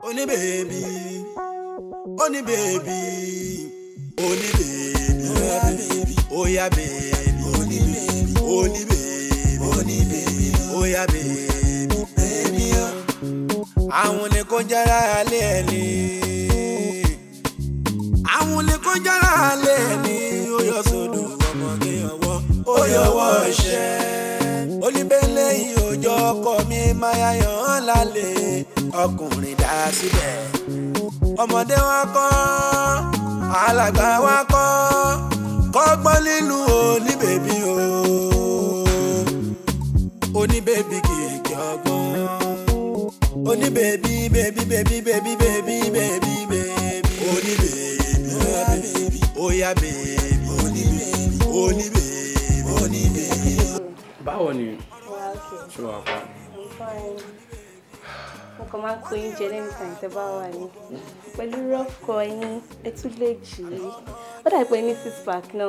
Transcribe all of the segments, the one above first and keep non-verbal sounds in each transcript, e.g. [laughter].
baby, Oní baby, oní bèbí, oní bèbí, baby, bèbí, oya bèbí, oní bèbí, oní baby, oní bèbí, oya bèbí, bèbí o. Àwọn ni kò jára alẹ́ ẹni. Àwọn ni kò jára alẹ́ ẹni. Ó yọ sódò ọmọge ọwọ́, ó yọ ọwọ́ ṣẹ́. Olúbẹ̀lẹ̀ yìí ò jọ ọkọ mi máa yàn án lálẹ́ ọkùnrin dá síbẹ̀. ọmọdé wa kọ́ alàgbà wa kọ́ kọ́gbọ́n nínú oníbèbí o oníbèbí kìkì ọgbọ́n oníbèbí bèbí bèbí bèbí bèbí bèbí bèbí oníbèbí oya bèbí oníbèbí oníbèbí oníbèbí. báwo ni ṣùgbọ́n àpá kan máa ń pè yín jẹ lẹ́nu kan ìtẹ́ bá wà ní pẹ̀lú rọ́ọ̀kọ yín ẹ tún lè jì í ó dà pé ní six pack náà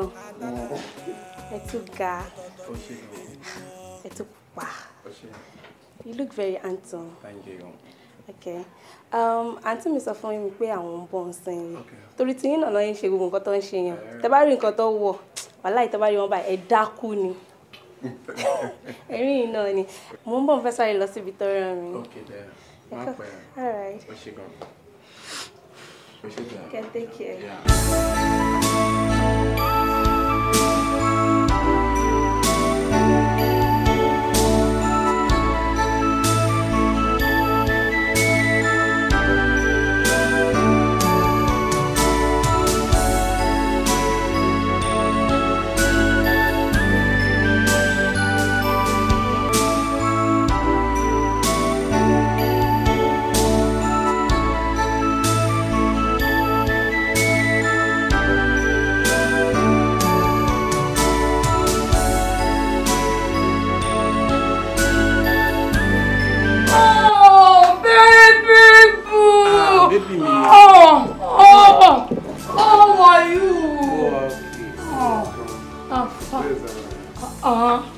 ẹ ga ẹ pupa you look very handsome. Thank you. Okay. Um, àǹtí mi sọ fún mi pé àwọn ń bọ̀ ń sìn yìí torí tí yín nàná yín ṣe gbogbo nǹkan tó ń ṣe yẹn tẹ bá rí nǹkan tó wọ̀ wàhálà yìí tẹ bá rí wọn báyìí ẹ dákú ni [laughs] ẹ̀rín yìí náà ni mò ń bọ̀ ń fẹ́ sáré lọ síbi tó rán mi. Okay, there. All right. Ó ṣe gan. Ó ṣe gan. Okay, thank you. Yeah.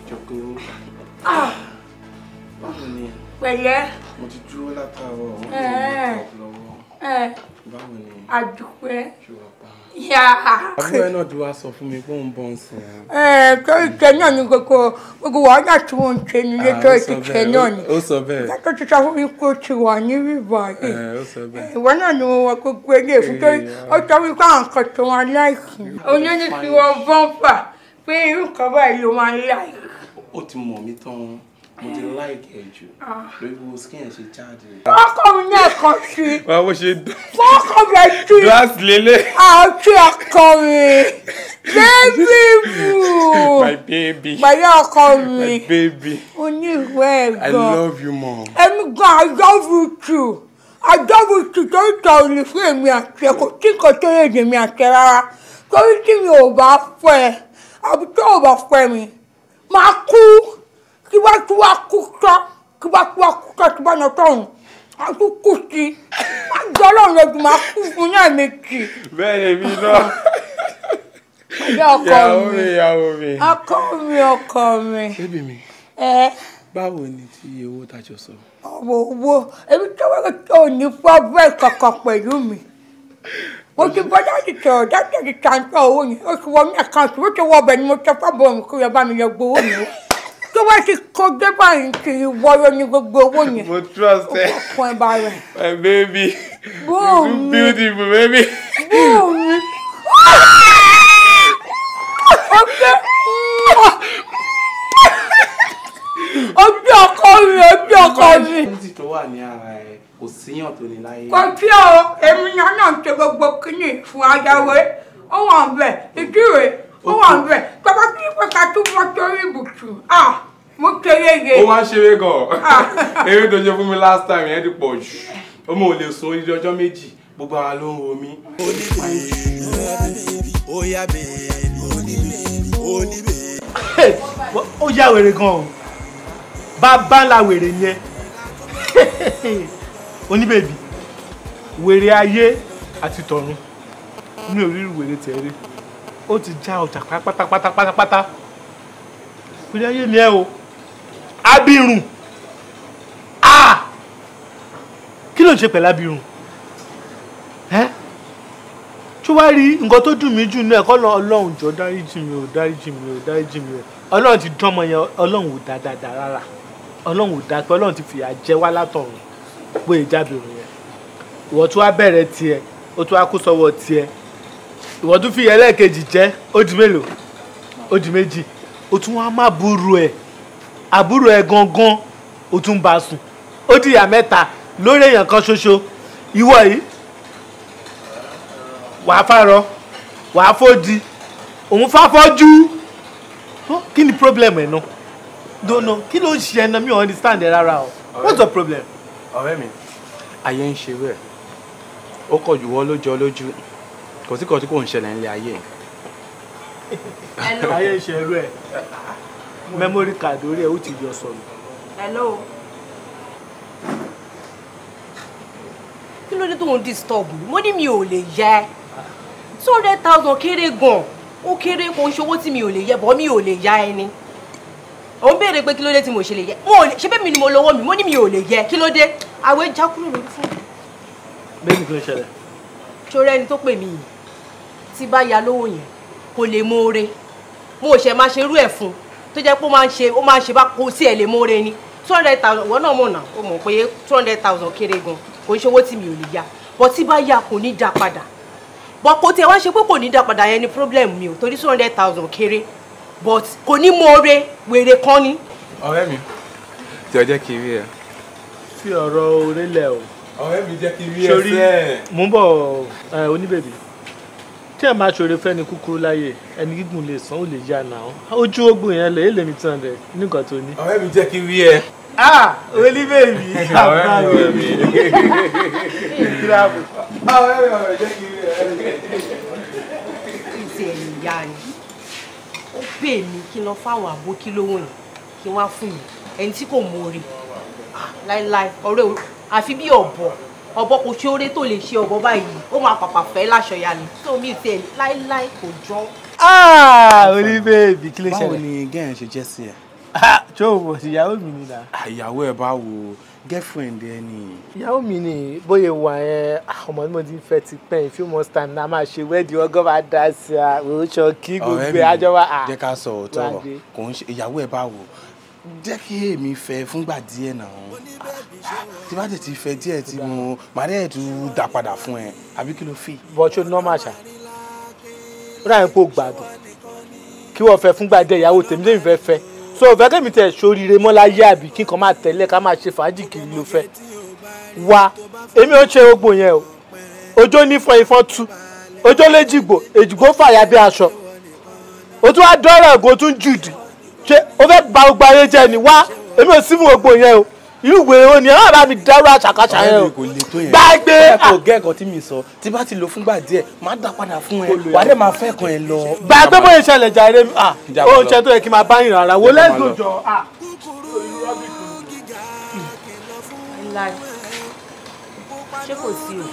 jókòó ah. ah. báwo ni pẹ̀lẹ́ mo ti dúró látàárọ̀ wọn kò ní lọ́wọ́ eh. báwo ni àdúpẹ́ àbúrò náà ti wá sọ fún mi pé òun bọ̀ ń sìn án. ẹ tó ìtẹ náà ni gbogbo gbogbo wàhálà tí wọn ń ṣe nílé ah, tó ti tẹ náà ni. ó sọ bẹ́ẹ̀. látò ti sọ fún mi pé o ti wà ní bíbá yìí. Eh, ó sọ bẹ́ẹ̀. Eh, ìwọ náà ni wọn gbogbo eléyìí fún ó sọ wípé àwọn kan tó wọn láìsí. olóyè fi wọn bọ́ǹfà pé irú nǹkan báyìí ló máa ń láì. ó ti mọ̀ mí tán mo ti eh. láìkẹ́ ẹ jù ah. lórí gbogbo skin ẹ ṣe jáde. fọ́ọ̀kọ̀ mi náà kàn sí. wà á bó ṣe dùn. fọ́ọ̀kọ̀ mi jù. glass lélẹ̀. àti ah, ọkọ mi. baby boo. my baby. pẹ̀lú ọkọ mi. my baby. o ní ìwé ẹ̀ gan. i love you mom. èmi gan i love you too àjọ́bù tuntun ìtọ̀ òní fún èmi àti ẹ̀kọ́ tí kò tó lè dèmi àti rárá torí tí mi ò bá fọ́ ẹ àbí tó o bá fẹ́ mi máa kú kí bá tí wàá kú tán kí bá tí wàá kú tán tí bá nà tọ̀hún àti kú sí má jọ ọlọ́run lójú máa kú fún yàn méjì. bẹ́ẹ̀ ni mi náà. ọjọ́ ọkọ mi ìyàwó mi ọkọ mi ọkọ mi. bébì mi báwo ni ti owó tajọ sọ. owó owó èmi tó wọ́n tó ní fọ́ bẹ́ẹ̀ kankan pẹ̀lú mi o ti bọ́ dáàdì sọ̀rọ̀ dáàdì ti tàǹtọ̀ owó yẹn o ti wọ ní àkáǹtì o ti wọ ọbẹ̀ ni mo tẹ fábọ̀ mi kó yẹ bá mi yẹ gbowó mi o tó bá ti kó dé báyìí kì í wọ́rọ́ ní gbogbo owó yẹn mo trust oh, ẹ o kọ ẹ bá my baby you beautiful baby. bóòmù ọgbẹ́ ọgbẹ́ ọkọ mi. ọgbẹ́ ọkọ mi kò síyàn tó ní láyé. kò sí o èmi yẹn náà ṣe gbogbo kínní fún ayáwé ó wà bẹ ìdíwèé ó wà bẹ bàbá kí ni pàtàkì tó bọ́ sórí ibùsùn mo kéré ge. ó máa ń ṣeré gan [laughs] eré tó ṣe fún mi last time yẹn ti pọ̀ jù ó mọ̀ ò lè sùn odidi ọjọ́ méjì gbogbo ara ló ń ro mí. ó yá wèrè gan-an bàbá ńlá wèrè yẹn oníbèbí wèrè ayé àti tọ̀run mi ò rí wèrè tẹ̀rí ó ti já ọjà pátápátápátá wèrè ayé ni ẹ o abirùn a kí ló ń ṣe pẹ̀lú abirùn ẹ́ tí wàá rí nǹkan tó dùn mí jù ní ẹ̀kọ́ ọlọ́run jọ dáríjì mi ò dáríjì mi ò dáríjì mi ò ọlọ́run ti dánmọ yẹn ọlọ́run ò dáadáa rárá ọlọ́run ò dáa pé ọlọ́run ti fìyà jẹ wá látọ̀run bó e jábìrò yẹn ìwọ tún wá bẹ̀rẹ̀ tiẹ̀ ó tún wá kó sọ́wọ́ tiẹ̀ ìwọ tún fi ẹlẹ́ẹ̀kejì jẹ́ ó di mélòó ó di méjì ó tún wá má burú ẹ̀ àbúrò ẹ̀ gangan ó tún bá sùn ó di ìyà mẹ́ta lórí èèyàn kan ṣoṣo ìwọ yìí wàá fárọ wàá fòdì òun fáfọ́jú kí ni problem ẹ̀ náà no no kí ló ń ṣe ẹ̀ náà mi ò understand ẹ̀ rárá o what's the problem ọ̀rẹ́ mi ayé ń ṣe rẹ̀ ó kọ̀ jù wọ́n lójọ lójú kò sí kan tí kò ń ṣẹlẹ̀ nílé ayé ayé ń ṣe rẹ̀ mẹ́mórì kàdé orí ẹ̀ ó ti yọ sọnù. hello. kí ló dé tó ń disturb mi mo ní mi ò lè yẹ two hundred thousand kéré gan-an ó kéré kó ń ṣe owó tí mi ò lè yẹ bọ́ mi ò lè yá ẹni òun béèrè pé kí ló dé tí mo ṣe lè yẹ mo ṣe bẹ́ẹ̀ mi ni mo lọ́wọ́ mi mo ní mi ò lè yẹ kí ló dé àwẹ̀ já kúrò lórí fún mi. bẹ́ẹ̀ni kí ló ṣẹlẹ̀. ṣoré ẹni tó pè mí yìí tí bá ya lówó yẹn kò lè mọ̀ọ́rẹ́ mo ò ṣe máa ṣe irú ẹ̀ fún tó jẹ́ pé ó máa ń ṣe ó máa ń ṣe bá kó sí ẹ̀ lè mọ̀ọ́rẹ́ ni two hundred thousand ìwọ náà mọ̀ náà o mọ̀ pé two hundred thousand kéré gan kò ń ṣe owó tí mi ò lè ya bọ́ tí bá ya kò ní dá padà bọ́ kò tiẹ̀ wá ṣe pé kò ní dá padà yẹn ni problem mi ò torí two hundred thousand kéré but kò ní mọ oore wèrè kan ni. ọ̀rẹ́ mi jọ jẹ́ kí n rí ẹ. fi ọ̀rọ̀ orí lẹ̀ o. ọ̀rẹ́ mi jẹ́ kí n rí ẹ sẹ́ẹ̀. mò ń bọ̀ oníbèbí tí ẹ máa ṣòro fẹ́ni kúkúrú láyè ẹni gígùn lè san ó lè yá nà án ojú ogun yẹn lè èlèmí tán rẹ nìkan tó ní. ọ̀rẹ́ mi jẹ́ kí n rí ẹ. ah oníbèbí [laughs] àbúrò mi kíláàbù. ọ̀rẹ́ mi ọ̀rẹ́ jẹ́ kí n rí ẹ. ìṣèlú ìyá ni pè mí kí n lọ fáwọn àbó kí lówó yẹn kí n wá fún mi ẹni tí kò mórè ah, láíláí ọ̀rẹ́ o àfi bí ọ̀bọ ọ̀bọ kò ṣe oore tó lè ṣe ọ̀bọ báyìí ó máa pàpà fẹ́ láṣọ ya ni tó mi tiẹ̀ láíláí kò jọ. Ah, orí bèbí kí ló ṣẹlẹ̀ báwo ni gẹ́yìn ṣe jẹ́ sí ẹ̀ ah, ṣé òun ìyàwó mi ni là. ìyàwó ẹ̀ báwo girlfriend ẹ ni. ìyàwó mi ni bóyá wà ẹ ọmọ tí mo ti fẹ́ ti pẹ́ in few months time na máa ṣe wẹ́ẹ̀dì ọgọ́ máa dá sí a òòṣọ kí gbogbo àjọ wa. jẹ́ ká sọ òótọ́ ọ̀rọ̀ kò ń ṣe ìyàwó ẹ bá wò jẹ́ kí èmi fẹ́ fúngbà díẹ̀ náà tí bá tètè fẹ́ díẹ̀ tí mo máa dẹ́ tún dá padà fún ẹ àbí kí ló fi. bọ́ọ̀ṣọ́ nọ́ọ̀mà ṣá ó dà ní kó gbádùn kí wọ́n fẹ́ fúngbà díẹ̀ ìyàwó so ọ̀fẹ́ kẹ́mi tẹ̀ sóríire mọ́ láyé àbí kí nǹkan máa tẹ̀lé ká máa ṣe fàájì kiri ló fẹ́ wa èmi ò ń ṣe gbogbo yẹn o ọjọ́ nífọ̀ ifọ̀ tú ọjọ́ léjìgbò èjìgbò fàyà bí aṣọ o tún wá dọ́rọ̀ ẹ̀gọ́ tún jùdì ṣé o fẹ́ ba gbogbo ayé jẹ ni wa èmi ò sí fún gbogbo yẹn o irú ìwé o ni ọ̀rọ̀ bá mi dẹ́rù àṣàkáṣà yẹn o gbàgbé. kò ah. gẹ́ ẹ̀kọ́ tí mi sọ tí bá ti lò fúngbà díẹ̀ máa dá padà fún ẹ wà á dẹ̀ máa fẹ́ kan ẹ lọ. gbàgbé bóyá ìṣẹ̀lẹ̀ jàre ah, mi ohun ṣe tó yẹ kí n máa bá yìnyín rárá wo lẹ́sùn jọ. Ah. ṣé kò sí o.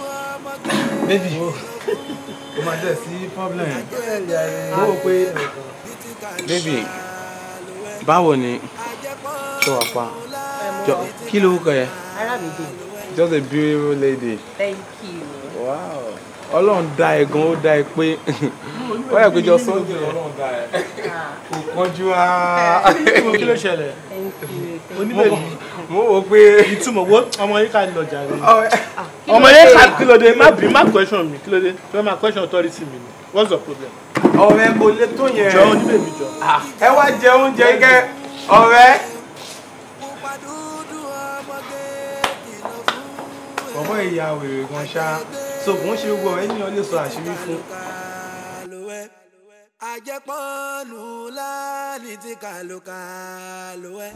bébì o máa dẹ̀ sí problem o wò pé bébì báwo ni ṣé wàá pa kí ló kọ yẹ. Arábìdé. just a beautiful lady. thank you. wow ọlọ́run dá ẹ gan ó dá ẹ pé ó yẹ pé jọ sọ́ọ́dì ọlọ́run dá ẹ ah. kò kánjú á. Ah. kí ló ṣẹlẹ̀ oníbẹ̀rẹ̀ mo wò pé. ìtumọ̀ wo ọmọ yìí ká lọ jà rẹ. Oh. Ah, ọmọ yìí ká kí ló dé má bí má question mi kí ló dé fẹ́ máa question authority mi ni what's your problem. ọ̀rẹ́ mo lè tó yẹn. jọ oníbẹ̀rẹ̀ mi jọ. ẹ wá jẹ oúnjẹ kẹ ọ̀rẹ́. bọ̀bọ̀ ìyá wèrè gan ṣá so kò ń ṣe gbogbo ẹ̀yìn ọ lè sọ àṣírí fún. àjẹpọ́nù láàlì ti kàlùkàlù ẹ̀.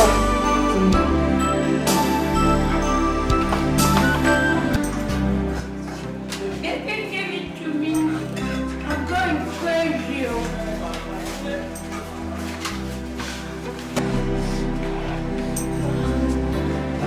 Oh.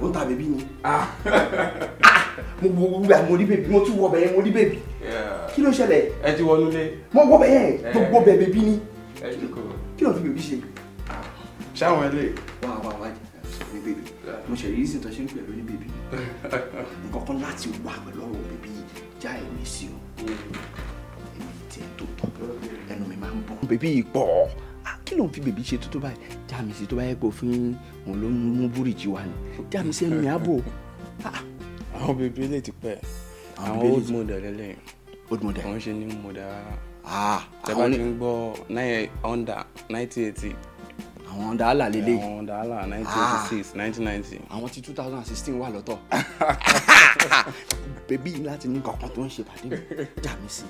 ó ń ta bèbí ni ah. [laughs] Ah, mo wo wúwo mo rí bèbí mo tún wọ bẹ̀yẹn mo rí bèbí kí ló ṣẹlẹ̀. ẹ ti wọnú lé. mo wọ bẹ̀yẹn gbogbo eh. bẹ̀ bèbí ni kí ló fi bèbí ṣe. ṣáwọn ẹlẹ. wà á wà wà ní bèbí mo ṣe yìí sì tó ṣe ń pẹ̀lú ní bèbí [laughs] nǹkan kan láti wà pẹ̀lú ọ̀rọ̀ bèbí já ẹ̀mí sí o èmi mm. tiẹ̀ tó tọ́ ẹnu mi máa ń bọ̀ bèbí yìí pọ̀ kí ló ń fi bèbí ṣe tó báyìí já mi sí tó bá yẹ pé òfin òun ló mú búrìjì wa ni já mi sí ẹnu mi àbò. [laughs] àwọn bèbí lè ti pẹ́ àwọn old model lẹ́yìn old model ah, àwọn ṣe ní model rárá. tẹ́bá ti ń gbọ́ under ninety eighty àwọn dàálà lélẹ̀ yìí. àwọn dàálà nineteen eighty ah. nineteen ninety. àwọn ti two thousand and sixteen wà lọ́tọ̀. [laughs] bèbí láti ní kankan tó ń ṣe pàdé mi jà mí sí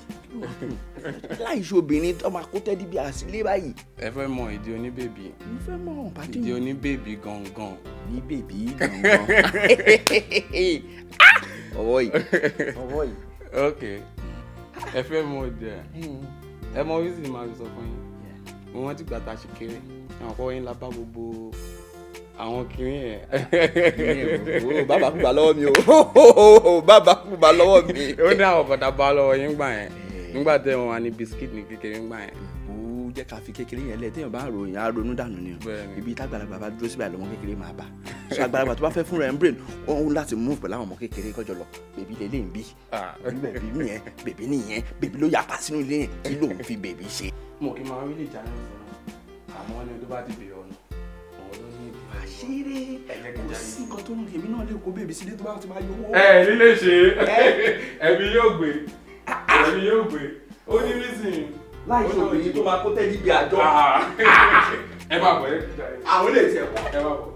i. láìsí obìnrin tó máa kó tẹ́dí bí àsílẹ̀ báyìí. ẹ fẹ́ mọ ìdí oníbèbí. mo fẹ́ mọ pàdé mi. ìdí oníbèbí gangan. ní bèbí [laughs] gangan. ọwọ́ yìí ọwọ́ yìí. ok ẹ fẹ́ mọ ọdẹ hmm. ẹ mọ wíṣìn máa sọ fún yín mo rántí gbàtà ṣe kéré. Mm -hmm àwọn yín la bá gbogbo àwọn kiri yẹn [laughs] bàbá kùbà lọ́wọ́ mi o [laughs] bàbá kùbà lọ́wọ́ mi. ó ní àwọn bàtà bá lọ́wọ́ yín gbà yẹn eh. nígbà tẹ wọn wà ní biskit ní kékeré gbà yẹn jẹ́ ká fi kékeré yẹn lẹ̀ téèyàn bá ròyìn á ronú dànù ni ibi tágbàlagbà bá dúró síbẹ̀ lọ́mọ kékeré máa bà so àgbàlagbà tó bá fẹ́ fún rẹ̀ ń brain ó ń láti move pẹ̀lú àwọn ọmọ kékeré kọjọ lọ bèbí lè léyìn bí bèbí nìyẹn bèbí nìyẹn bèbí ló yàtọ̀ sínú ilé yẹn kí lòun fi bèbí ṣe. mo kì í máa rí lè jáde ọ̀sán àmọ́ ẹni tó bá ti bèrè ọ̀nà àwọn ló ní ìdí. àṣírí kò sí nǹkan tó ń rìn èmi náà lè kó bèbí sílé tó bá ti máa yọ owó. ẹ nílé ṣe ẹbí [laughs] yóò gbé ah, ah. ẹbí yóò gbé ó ní reason. láì ṣe obìnrin tó máa kó tẹ́lí bí àjọ. Ah, [laughs] ẹ má bọ̀ ẹ kúta ẹ. àwọn ilé ìtẹ̀ ẹ má bọ̀.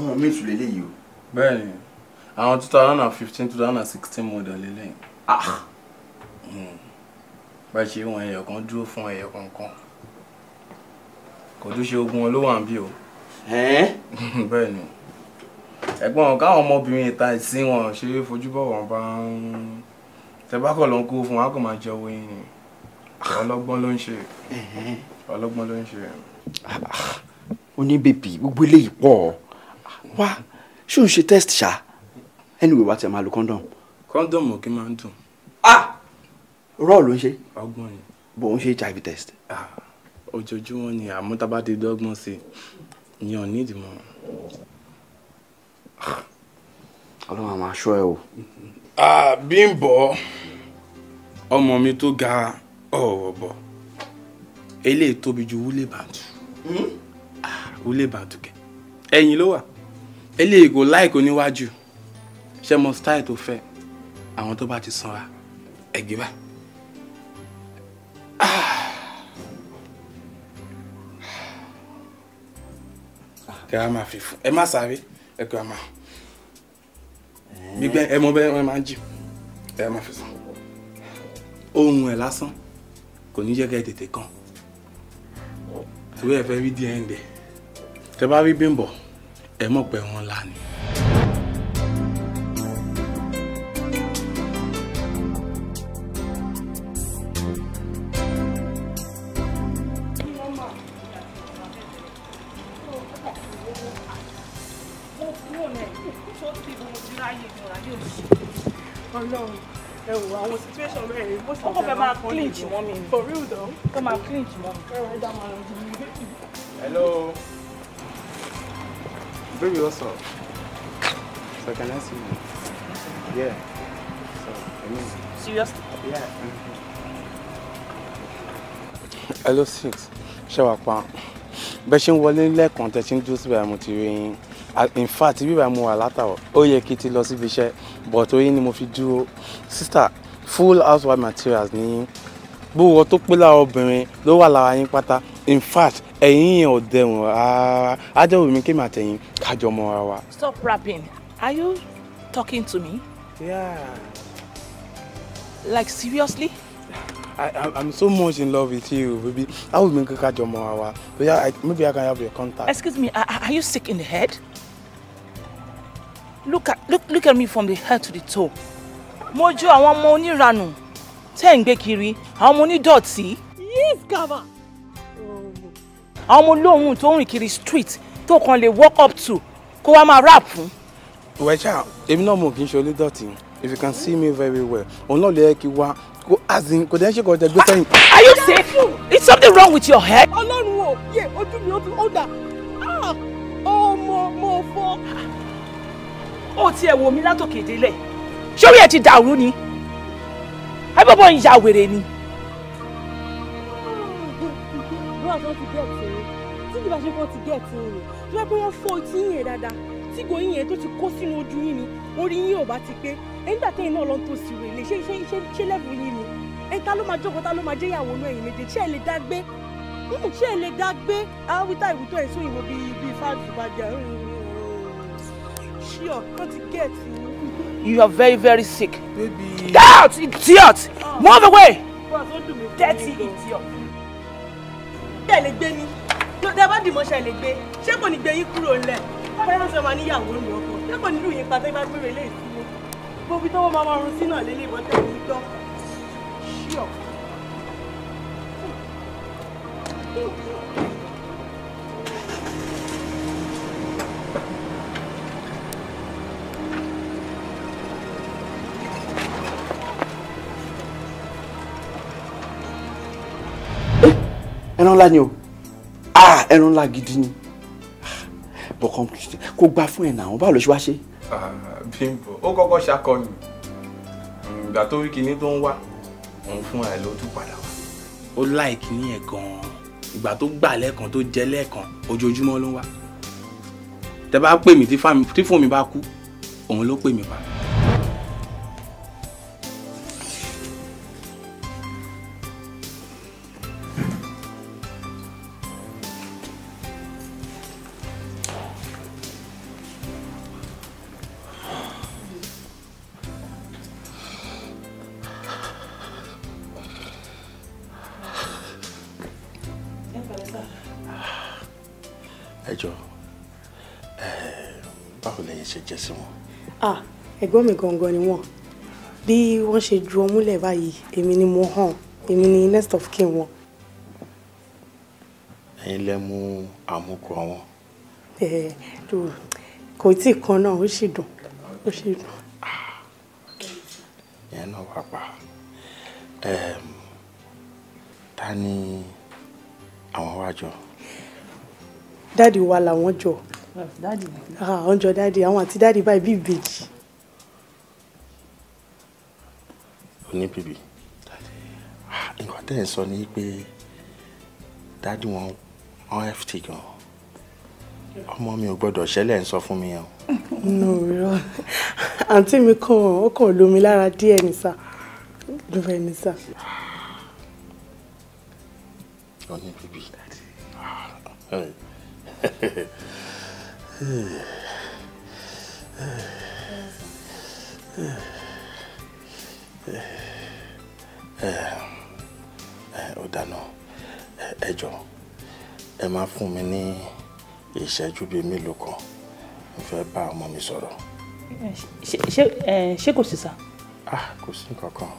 àwọn míì tún lè léyìí o. bẹ́ẹ̀ni àwọn two thousand and fifteen two thousand and sixteen model lélẹ̀ ah! hmm. bá ṣe wọn ẹyọ kan dúró fún ẹyọ kankan kò tún ṣe ogun wọn ló wà ń bí o [laughs] bẹ́ẹ̀ ni ẹ̀gbọ́n káwọn ọmọbìnrin ìta ìsín wọn ṣe fojú bọ̀ wọn bá ń tẹ́bákọ̀ ló ń kó fún wa kò máa jẹ owó yín ni ọlọ́gbọ́n ló ń ṣe ọlọ́gbọ́n ló ń ṣe. oní ah, ah. bèbí gbogbo eléyìí pọ̀ wá ṣé o ń ṣe test ṣáá anyway wá tẹ̀ máa lo condom. condom ò kí máa ń dùn. ah rọ́ọ̀ ló ń ṣe. ọgbọ́n ni. bò ń ṣe hiv test. ah ojoojúmọ́ ni àmọ́ tá a bá ti dọ́gbọ́n sí i ìyẹn ò ní ìdìmọ̀. ọlọ́run àmọ́ aṣọ ẹ o. Ah, Bímbọ́ ọmọ mi tó ga ọ̀rọ̀ bọ̀ eléyìí tóbi ju wúlé bàtú hmm? ah, wúlé bàtú kẹ ẹ̀yìn ló wà eléyìí kò láìkò níwájú. Like ṣé mo style tó fẹ́ àwọn tó bá ti sanra ẹgbẹ́ bá. Ah. kẹ a máa fi fún ẹ má sáré ẹ kẹ a máa gbígbẹ ẹ mọ bẹ ẹ máa jì ẹ máa fi fún ohun ẹ lásán kò ní jẹ́ kẹ́ ẹ tètè kàn torí ẹ fẹ́ rí díẹ̀ ń bẹ̀ tẹ bá rí Bímbọ́ ẹ mọ̀ pé wọ́n là ní. Ọlọ́run ẹ wo clinch mọ́ for real though ó máa clinch mọ́ hello baby what's up so can I see you yeah so I mean Serious? yeah. hello six ṣé wàá pa bẹ́ẹ̀ ṣe ń wọlé lẹ́ẹ̀kan tẹ̀ ṣe ń in fact bíbá mo wà látàwọ̀ ó yẹ kí n ti lọ síbi iṣẹ́ but oyin ni mo fi dúró sister full housewife materials Ni, gbówó tó pé lára obìnrin ló wà lára yín pátá in fact ẹ̀yin yẹn ò dẹ̀wọ̀n rárá ájẹ́wò mi kémi àtẹ̀yìn kájọ mọ́ ara wa. stop rapping are you talking to me. yeah. like seriously. I, I, I'm so much in love with you, baby. I would make a job more. Maybe I can have your contact. Excuse me, are, are you sick in the head? look at look look at me from the head to the toe mo jọ àwọn ọmọ oníranù tẹ́ ń gbé kiri àwọn ọmọ onídọ̀tí. yes gaba. àwọn ọmọ olóhùn To ń kiri street tó kàn lè walk up to kó wá máa rap fún. wẹ́ṣà èmi náà mo kì í ṣe onídọ̀tí if you can see me very well òun náà lè yẹ kí wá kó azin kò dẹ́ ṣe kò dẹ́ ah, are you safe? is something wrong with your head. ọlọ́run o yẹ ojú mi ó dà ah, ọmọ mo fọ́ ó tiẹ̀ wò mí látòkè délẹ̀ sórí ẹ̀ ti dàrú ni abọ́bọ́ ń ya wèrè ni. bọ́lá tó ti gẹ̀ẹ́tì rẹ̀ tí ìjọba ṣe kọ́ ti gẹ̀ẹ́tì rẹ̀ tó yẹ kó wọ́n fọ́ etí yẹn dáadáa tí gòyìn yẹn tó ti kó sínú ojú yín ni orí yín ò bá ti pé nígbà tẹ́yìn náà lọ́n tó sì wèlé ṣé ṣé ṣé ṣé lẹ́bù yín ni ẹ̀ ta ló máa jókòó ta ló máa jẹ́ ìyàwó náà ẹ̀yin méje ṣé ẹ lè dá gbé hmm, ṣé ẹ lè dá gbé àwọn wíta ìwútọ́ ẹ̀ sóyìnbó bíi bíi fáàlì tó bá jẹ́ hmm sure not get you. are very, very sick. Baby. Get out, idiot! Oh. Move away! Dirty idiot. Ṣé lè gbé ni? Tẹ́ bá dìmọ̀ ṣe lè gbé. Ṣé kò ní gbé yín kúrò ńlẹ̀? Fẹ́ràn sọ máa níyàwó ní ọkọ̀. Ṣé kò nílò yín pàtẹ́ bá gbére lè sílé? Bobi tọ́wọ́ máa máa run sí náà lélẹ̀ ìbọn tẹ̀ ní gbọ́. Ṣíọ̀. ẹran ńlá ni o ah ẹran ńlá gidi ni bọ̀kan kò gba fún ẹ̀ nà àwọn báwo ló ṣe wá ṣe. Ah, Bímbọ́ ó kọ́kọ́ ṣakọni ìgbà tó rí kinní tó ń wá òun fún ẹ ló tún padà wá. ó láì kinní ẹ̀ gan-an ìgbà tó gbà lẹ́ẹ̀kan tó jẹ lẹ́ẹ̀kan ojoojúmọ́ ló ń wá tẹ bá pè mí tí fóònù mi bá kú òun ló pè mí pa. ẹ̀gbọ́n mi gangan ni wọ́n bí wọ́n ṣe ju ọmúlẹ̀ báyìí èmi ni mo hàn èmi ni next of kin wọn. ẹ̀yin lẹ mú àmúkọ wọn. ẹ ẹ kò tí ì kan náà ó sì dùn ó sì dùn. Ah, ìyẹn náà wà pa ta ni àwọn wá jọ. dáàdi wa làwọn jọ. dáàdi. àwọn ah, jọ dáàdi àwọn àti dáàdi báyìí bíi ìbejì. ní bèbè nǹkan tẹ́ ẹ̀ sọ ni pé dádì wọn wọn ft gan ọmọ mi ò gbọdọ̀ ṣẹlẹ̀ ń sọ fún mi yẹn. nù rọ àǹtí mi kàn ó kàn lómi lára díẹ̀ ní sà lómi ní sà. ọ̀ní bèbè Yeah ó dáná ẹ jọ̀ọ́ ẹ máa fún mi ní ìṣẹ́jú bíi mélòó kan mo fẹ́ bá ọmọ mi sọ̀rọ̀. ṣé kò sí sá. Ah, kò sí nǹkan kan.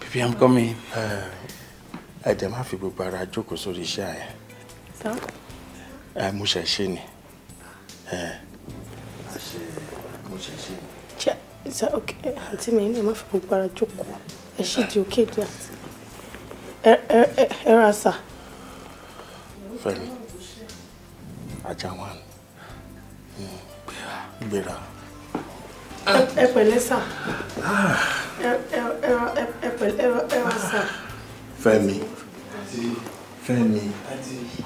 baby i'm coming. ẹ jẹ́ má fi gbogbo ara jókòó sórí iṣẹ́ yẹn. sá. mo ṣẹ̀ ṣe ni. Uh, sir ok àǹtí mi ní ẹ má fi gbogbo ara jókòó ẹ ṣì di òkè di àǹtí ẹ ẹ ẹ ẹ ra sà. Fẹ́mi ajáwan gbéra gbéra. ẹ pẹ̀lẹ́ sà ẹ ẹ ẹ pẹ̀lẹ́ ẹ ra sà. Fẹ́mi Fẹ́mi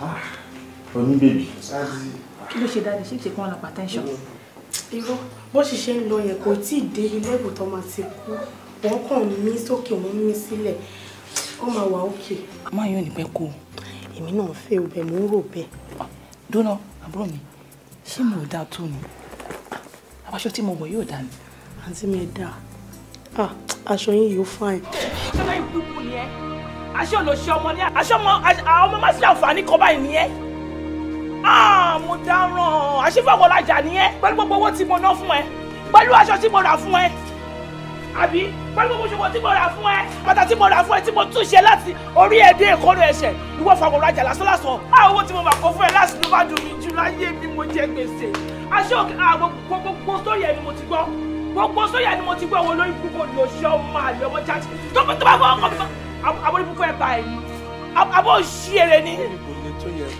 ah, oníbèbí. kí ló ṣe dáadé ṣé ìṣèkùn ọ̀nà pàtẹ́ńṣọ̀ irú bó sì ṣe ń lọ yẹn kò tí ì dé ilé ẹ̀bùn tó máa ti kú wọ́n kàn mí sókè wọ́n mí sílẹ̀ ó máa wà òkè. má yọ nípẹ́ kó o. èmi náà fẹ́ ọbẹ̀ mò ń rò bẹ́ẹ̀. dúnà àbúrò mi ṣé mi ò dáa tó ni aṣọ tí mo wọ̀ yóò dá mi. àǹtí mi ẹ dáa aṣọ yín yóò fine. ṣé báyìí kúkú ni ẹ aṣọ ló ṣe ọmọ ní aṣọ ọmọ máa ṣe àǹfààní kan báyìí ni ẹ. Ah, mo dáràn àṣefọwọ́lájà ni ẹ pẹ̀lú gbogbo owó tí mo ná fún ẹ pẹ̀lú aṣọ tí mo rà fún ẹ àbí pẹ̀lú gbogbo ṣòwò tí mo rà fún ẹ bàtà tí mo rà fún ẹ tí mo tún ṣe láti orí ẹ̀dẹ́ ìkọ́nù ẹ̀ṣẹ̀ ìwọ fàwọ̀rajà lásánlásán á ah, owó tí mo bà kọ fún ẹ láti ló bá dùn mí jù láyé mi mo jẹ gbèsè aṣọ ah, gbogbo sórí ẹ ni mo ti gbọ́ gbogbo sórí ẹ ni mo ti gbọ́ owó lórí púpọ̀ lòṣọ ọmọ àlè ọmọ jáde tó bá fọwọ́ kọ́ mi àbórí púpọ̀ ẹ̀ bá ẹ̀ ni àbó òṣì èrè ni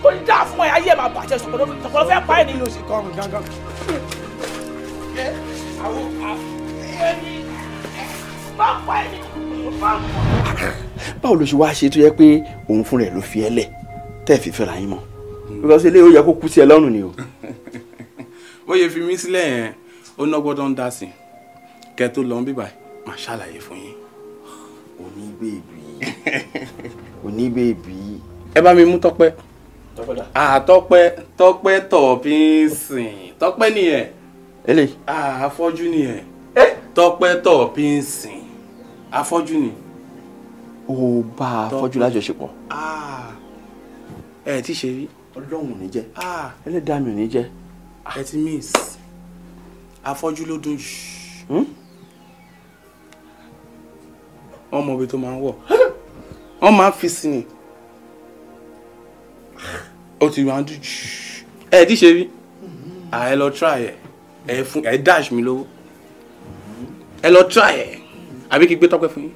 kò ní dáa fún ẹ ayé ẹ máa bàjẹ́ sọ̀kọ̀lọ́ fẹ́ pa ẹ̀ nílò sí kọrùn gángan. àwọn ẹni bá pa ẹ̀ ní bá pa. báwo ló ṣe wá ṣe tó yẹ pé òun fúnra ẹ ló fi ẹ lẹ tẹ́ ẹ fi fẹ́ra yín mọ́ because ilé ó yẹ kó kú sí ẹ lọ́rùn ni o. [laughs] ó yẹ fi mí sílẹ̀ yẹn ó ná gbọ́dọ̀ ń dá sí i kẹ́ tó lọ bíbá máa ṣàlàyé fún yín. oní bèbí [laughs] ẹ bá mi mú tọpẹ́ àtọpẹ tọpẹ tọbí ń sìn tọpẹ nìyẹn. ele. àfọ́jú nìyẹn. tọpẹ tọbí ń sìn àfọ́jú ni. o bá àfọ́jú lájọṣepọ̀. ẹ ti ṣe rí. ọlọ́run ò ní jẹ́. ẹlẹ́dàá mi ò ní jẹ́. ẹ ti miss àfọ́jú ló dùn jù. Hmm? wọ́n mọ ibi tó máa ń wọ̀ wọ́n máa ń fi sí ni ó ti máa ń dùn ẹ ti ṣe rí ẹ lọ try ẹ ẹ fún ẹ dash mi lówó ẹ lọ try ẹ àbí kí gbé tọ́pẹ́ fún yín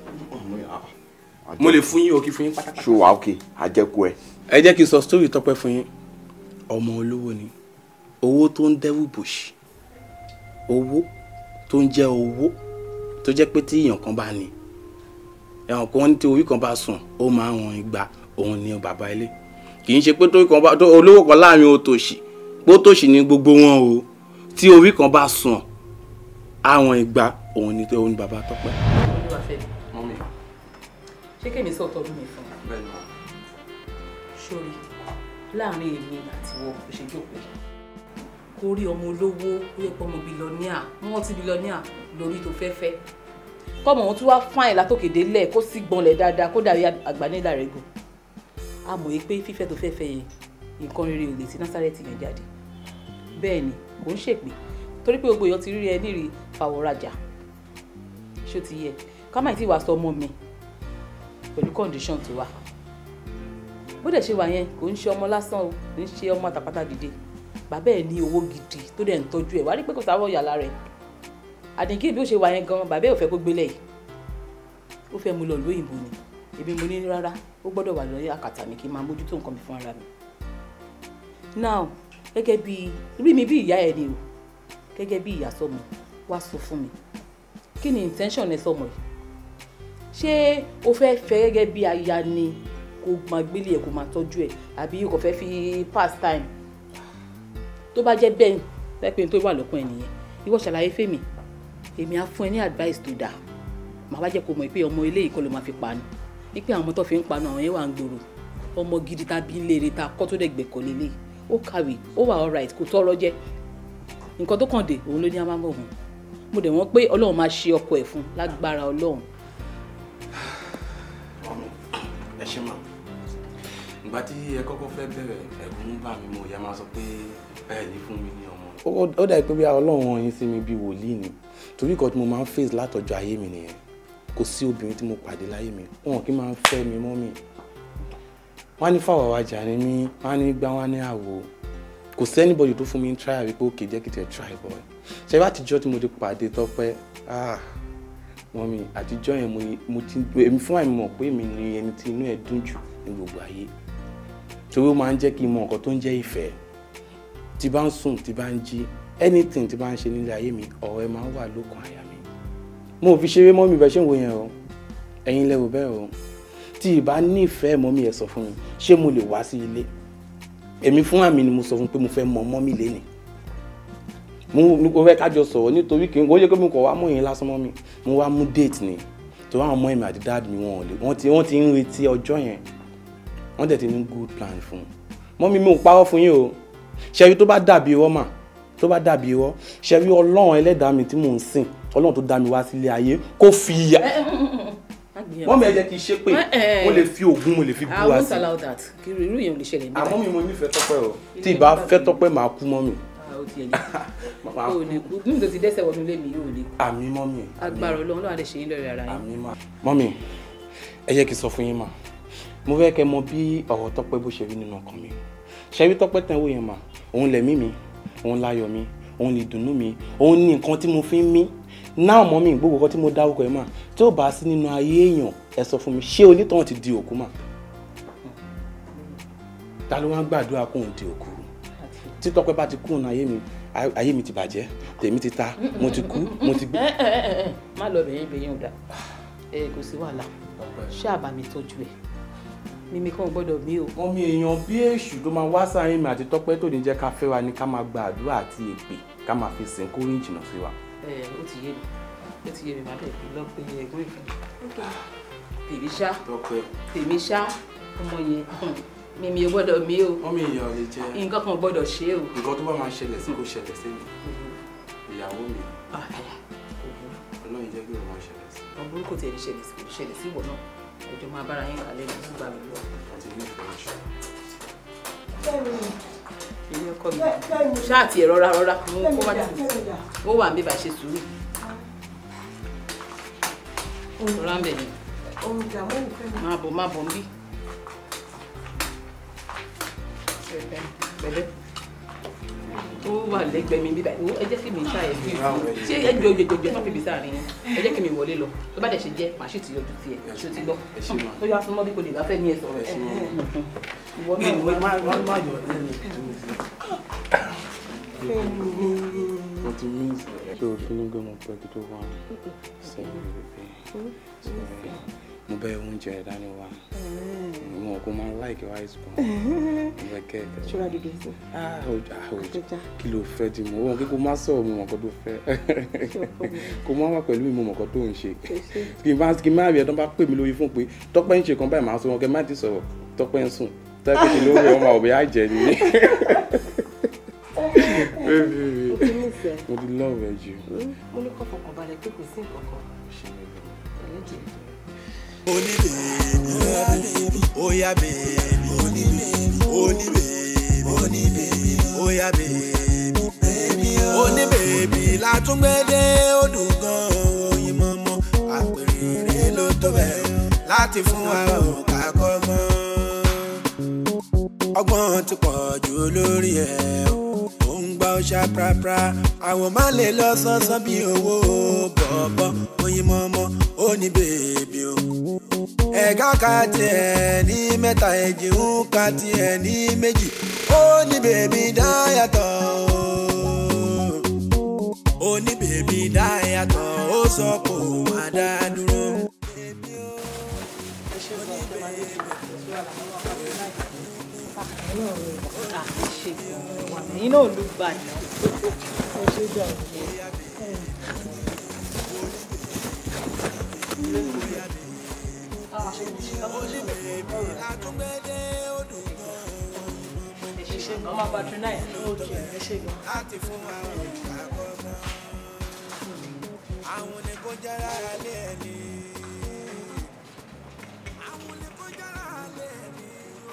mo lè fún yín o kí fún yín pátápátá. ṣùgbọ́n ok àjẹkù ẹ. ẹ jẹ́ kí n sọ story tọ́pẹ́ fún yín ọmọ olówó ni owó tó ń dẹ́wù bòṣì owó tó ń jẹ́ owó tó jẹ́ pé tí èèyàn kan bá ní ẹ̀wọ̀n kan ní tí orí kan bá sùn ó máa ń wọn igba òun ni bàbá ilé kì í ṣe pé olówó kan láàrin òtòṣì pótòṣì ni gbogbo wọn o tí orí kan bá sùn àwọn ìgbà òun ni òun ni bàbá tọpẹ. ṣé kèmí sọ̀tọ̀ mi fún un sórí láàrin èmi àti wọn kò ṣe kó rí ọmọ olówó ó yẹ pé ọmọ bílọ́níà wọ́n ti bílọ́níà lórí tó fẹ́ fẹ́ kọ́mọ̀ wọn tún wá fáìn látòkè délẹ̀ kó sì gbọ́nlẹ̀ dáadáa kó dàbí àgbà nílà rẹ̀ gùn a mọ̀ pé fífẹ́ tó fẹ́fẹ́ yẹn nǹkan rere ò lè ti násàrẹ́tì yẹn jáde bẹ́ẹ̀ ni mò ń ṣèpè torí pé gbogbo èèyàn ti rí ẹ nírì fàwọ̀rajà ṣó ti yẹ ká má ti wàá sọ ọmọ mi pẹ̀lú condition tó wà bó dẹ̀ ṣe wà yẹn kò ń ṣe ọmọ lásán o kò ń ṣe ọmọ àtàpátá dìde bàbá ẹ̀ ní owó gidi tó dẹ̀ ń tọ́jú ẹ̀ wá rí pé kò sáwọ́ yàrá rẹ̀ àdìgí bí ó ṣe wà yẹn gan bàbá ẹ̀ ò fẹ́ kó gbélé yìí ó fẹ́ mu lọ lóyìnbó ni èmi mo ní rárá ó gbọ́dọ̀ wà lórí àkàtà mi kí n máa mójútó nǹkan mi fún ara mi now gẹ́gẹ́ bí rí mi bí ìyá ẹ̀ ni o gẹ́gẹ́ bí ìyá sọmọ wá sọ fún mi kí ni intention ẹ sọmọ yìí ṣé o fẹ́ fẹ́ gẹ́gẹ́ bí aya ni kó máa gbélé ẹ̀ kó máa tọ́jú ẹ̀ àbí kò fẹ́ fi pass time tó bá jẹ́ bẹ́ẹ̀ pẹ́pẹ́ tó wà lọ́kàn ẹ̀ nìyẹn ìwọ ṣàlàyé fèmí èmi á fún ẹ ní advice tó dáa màá wá jẹ́ kó mọ̀ pé ọmọ ilé yìí máa fi pa ni wípé àwọn ọmọ tó fi ń panu àwọn yẹn wà ń gbòòrò ọmọ gidi tàbí léèrè ta kọ́ tó dẹ̀gbẹ̀ kọ́ lélẹ̀ ó kàwé ó wà alright kò tọrọ jẹ nǹkan tó kàn dé òun ló ní amámọ̀ òun mo dẹ̀ wọ́n pé ọlọ́run máa ṣe ọkọ ẹ̀ fún lágbára ọlọ́run. ọ̀nà ẹ ṣe máa ìgbà tí ẹ kọ́kọ́ fẹ́ bẹ̀rẹ̀ ẹ̀gbọ́n ń bà mí mo yà máa sọ pé bẹ́ẹ̀ ní fún mi ní ọmọ. ó dà pé bí ọlọ́run ọyìn sí mi bíi wòlíì ni torí kan tí mo máa ń face látọjọ́ ayé mi nìyẹn kò sí obìnrin tí mo pàdé láyé mi wọn kì í máa ń fẹ́ mi mọ́ mi wọ́n á ní fáwọn àwàjà ni mí wọ́n á ní gbá wọ́n á ní àwò kò sí anybody tó fún mi ń try wípé òkè jẹ́ kí tẹ̀ try boy ṣe bá àtijọ́ tí mo ti pàdé tọ́pẹ́ wọ́n ah, mi àtijọ́ yẹn mo ti èmi fún àìmọ̀ mọ̀ pé èmi ni ẹni tí inú ẹ̀ dùn jù ní gbogbo ayé torí ó máa ń jẹ́ kí n mọ nǹkan tó ń jẹ́ ìfẹ́ tí bá ń sùn tí bá ń jí anything tí bá ń ṣe nílé ayé mi ọ̀rọ̀ ẹ máa ń wà lókun àyà mo fi ṣeré mọ́mí bẹ́ẹ̀ ṣe ń wo yẹn o ẹ̀yin lẹ́wọ̀ bẹ́ẹ̀ o tí ìbá nífẹ̀ẹ́ mọ́mí ẹ̀ sọ fún mi ṣé mo lè wá sí ilé èmi fún àmì ni mo sọ fún pé mo fẹ́ mọ mọ́mí lẹ́nì mo fẹ́ kájọ sọ̀rọ̀ nítorí kí n wọ́n yẹ kó mi kọ̀ wá mọ̀ yẹn lásán mọ́mí mo wá mú déètì ni tó wá mọ́ èmi àti dáàdì mi wọn lè wọ́n ti wọ́n ti ń retí ọjọ́ yẹn wọ́n dẹ̀ ti ní good plan fún un mọ́mí mi ò parọ́ fún yín o ṣẹ́rí tó bá dàbí irọ́ mà tó bá dàbí irọ́ ṣẹ́rí ọlọ́run ẹlẹ́dàá mi tí mò ń sìn ọlọ́run tó dá mi wá sílé ayé kó fi ìyà wọ́n eh, eh, eh, mi ẹ jẹ́ kí n ṣe pé mo lè fi oògùn mo lè fi búra sí i. I won't allow that kí irú yẹn ò lè ṣẹlẹ̀ nígbà. àmọ́ mi mo nífẹ̀ẹ́ tọ́pẹ́ o tí ì fẹ́ tọ́pẹ́ máa kú mọ́ mi. o ti ẹni o ò ní kú bí mi tó ti dẹ́sẹ̀ wọnú ilé mi yóò ní. àmì mọ́ mi. agbára ọlọ́run ló wà lè ṣe yín lọ́rẹ̀ ara yín. àmì mà mọ́ mi ẹ jẹ́ kí n sọ fún yín mà mo fẹ́ kẹ́ mọ bí ọ̀rọ̀ tọ́pẹ́ bó ṣe rí nínú ọkàn mi ṣe rí tọ́pẹ́ tán yẹn mà òun lẹ̀mí mi òun láyọ̀ mi òun ìdùnnú mi òun ní nǹkan tí mo fi ń mí náà mọ́ mi gbogbo ọkọ tí mo dárúkọ ẹ̀ mà tí ó bá sí nínú ayé èèyàn ẹ sọ fún mi ṣé onítọ̀hún ti di òkú mà ta ló wá ń gbàdúrà kóun di òkú tí Tọ́pẹ́ bá ti kúrò ní ayé mi ayé mi ti bàjẹ́ tèmi ti ta mo ti kú mo ti gbé. [laughs] Eh, eh, eh, má lọ bẹ̀yìn bẹ̀yìn ọ̀dà ah. kò sí wàhálà ṣé àbá mi tọ́jú ẹ̀ mímí kan gbọ́dọ̀ mí o. ọmọ èèyàn bí èṣù tó máa wá sáyẹn mi àti Tọ́pẹ́ tó ní jẹ́ ká fẹ́ wa ni ká máa gba àdúrà àti èpè ká máa fi sìn kórìn sí wa. Eh, ó ti yé mi ó ti yé mi má dẹ̀ lọ pé ẹ̀gbọ́n ìfẹ́ tèmi ṣá tèmi ṣá ọmọ yẹn mi mi ò gbọ́dọ̀ mi o ọmọ ìyá ò lè jẹ nǹkan kan gbọ́dọ̀ ṣe o nǹkan tó bá máa ṣẹlẹ̀ sí kò ṣẹlẹ̀ sí mi ìyàwó mi ah, ah, ah. ọlọ́run jẹ́ kí òun ṣẹlẹ̀ sí. ọmọ burúkú tiẹ̀ ní ṣẹlẹ̀ sí kò ṣẹlẹ̀ sí ìwọ náà ẹjọ́ máa bára yín kálẹ̀ nígbà mi lọ. àti ní ìfọwọ́sọ èmi ọkọ mi ṣáàtì ẹ̀ rọra rọra mo kó má ti mo wà ń bèbà ṣe sùúrù rọra ń bẹ̀ ni máa bọ̀ máa bọ̀ ń bí pẹ̀lẹ́ wà lẹ́gbẹ̀ẹ́ mi bíbá ẹ jẹ́ kí mi ṣá ẹ̀ fún ṣé ẹ jọ jọjọ jọ fún mi sáàrin yẹn ẹ jẹ́ kí mi wọlé lọ tó bá dẹ̀ ṣe jẹ́ màá sì ti yọjú tiẹ̀ ṣó ti lọ tó yọ asúnmọ́ bí kò lè bá fẹ́ ní ẹ̀ sọ̀rọ̀ ẹ̀ ìwọ náà má yọ What it means that you're feeling good, my brother, to one. Say, baby. Say, baby mo bẹ oúnjẹ rẹ dání wá mm. mo kò máa láìkí rice gan mo fẹ́ kẹ ẹ ṣọlá dìde sí i kí ló fẹ́ di mo wọn kí kò má sọ̀rọ̀ mo mọ̀ kó tó fẹ́ kò má wà pẹ̀lú mi mo mọ̀ kó tó ń ṣe kí n bá kí n má rí ẹ tó bá pè mí lórí fún pé Tọ́pẹ́ ń ṣe kan báyìí màá sọ wọn kẹ má ti sọ̀rọ̀ Tọ́pẹ́ ń sùn Tọ́pẹ́ ti lórí ọmọ òbí àjẹ nìyí mo ti lọ́ọ̀rẹ́ jù. mo ní kọ́ fọkànbalẹ̀ pé kò sí nǹkan kan. Oni baby, oya baby, oya baby, oni baby, oni baby, oni baby, oya baby, oni baby, látúngbẹ́dẹ́ ó dùn gan oyin mọ́mọ́, àpèrè rẹ̀ ló tó bẹ̀ láti fún wa ò kakọ́ mọ́. Ọgbọ́n ti pọ̀ jù lórí ẹ̀ gba ọṣà prapra àwọn má lè lọ sánsan bí owó bọ̀ọ̀bọ̀ oyin mọ́mọ́ ó ní bèbí o. ẹ̀ka ka tiẹ̀ ní mẹ́ta ẹ̀jì ń ka tiẹ̀ ní méjì ó ní bèbí dáyàtọ̀ ó ní bèbí dáyàtọ̀ ó sọ kò má dá dúró. Thank you. You know, look bad. Mama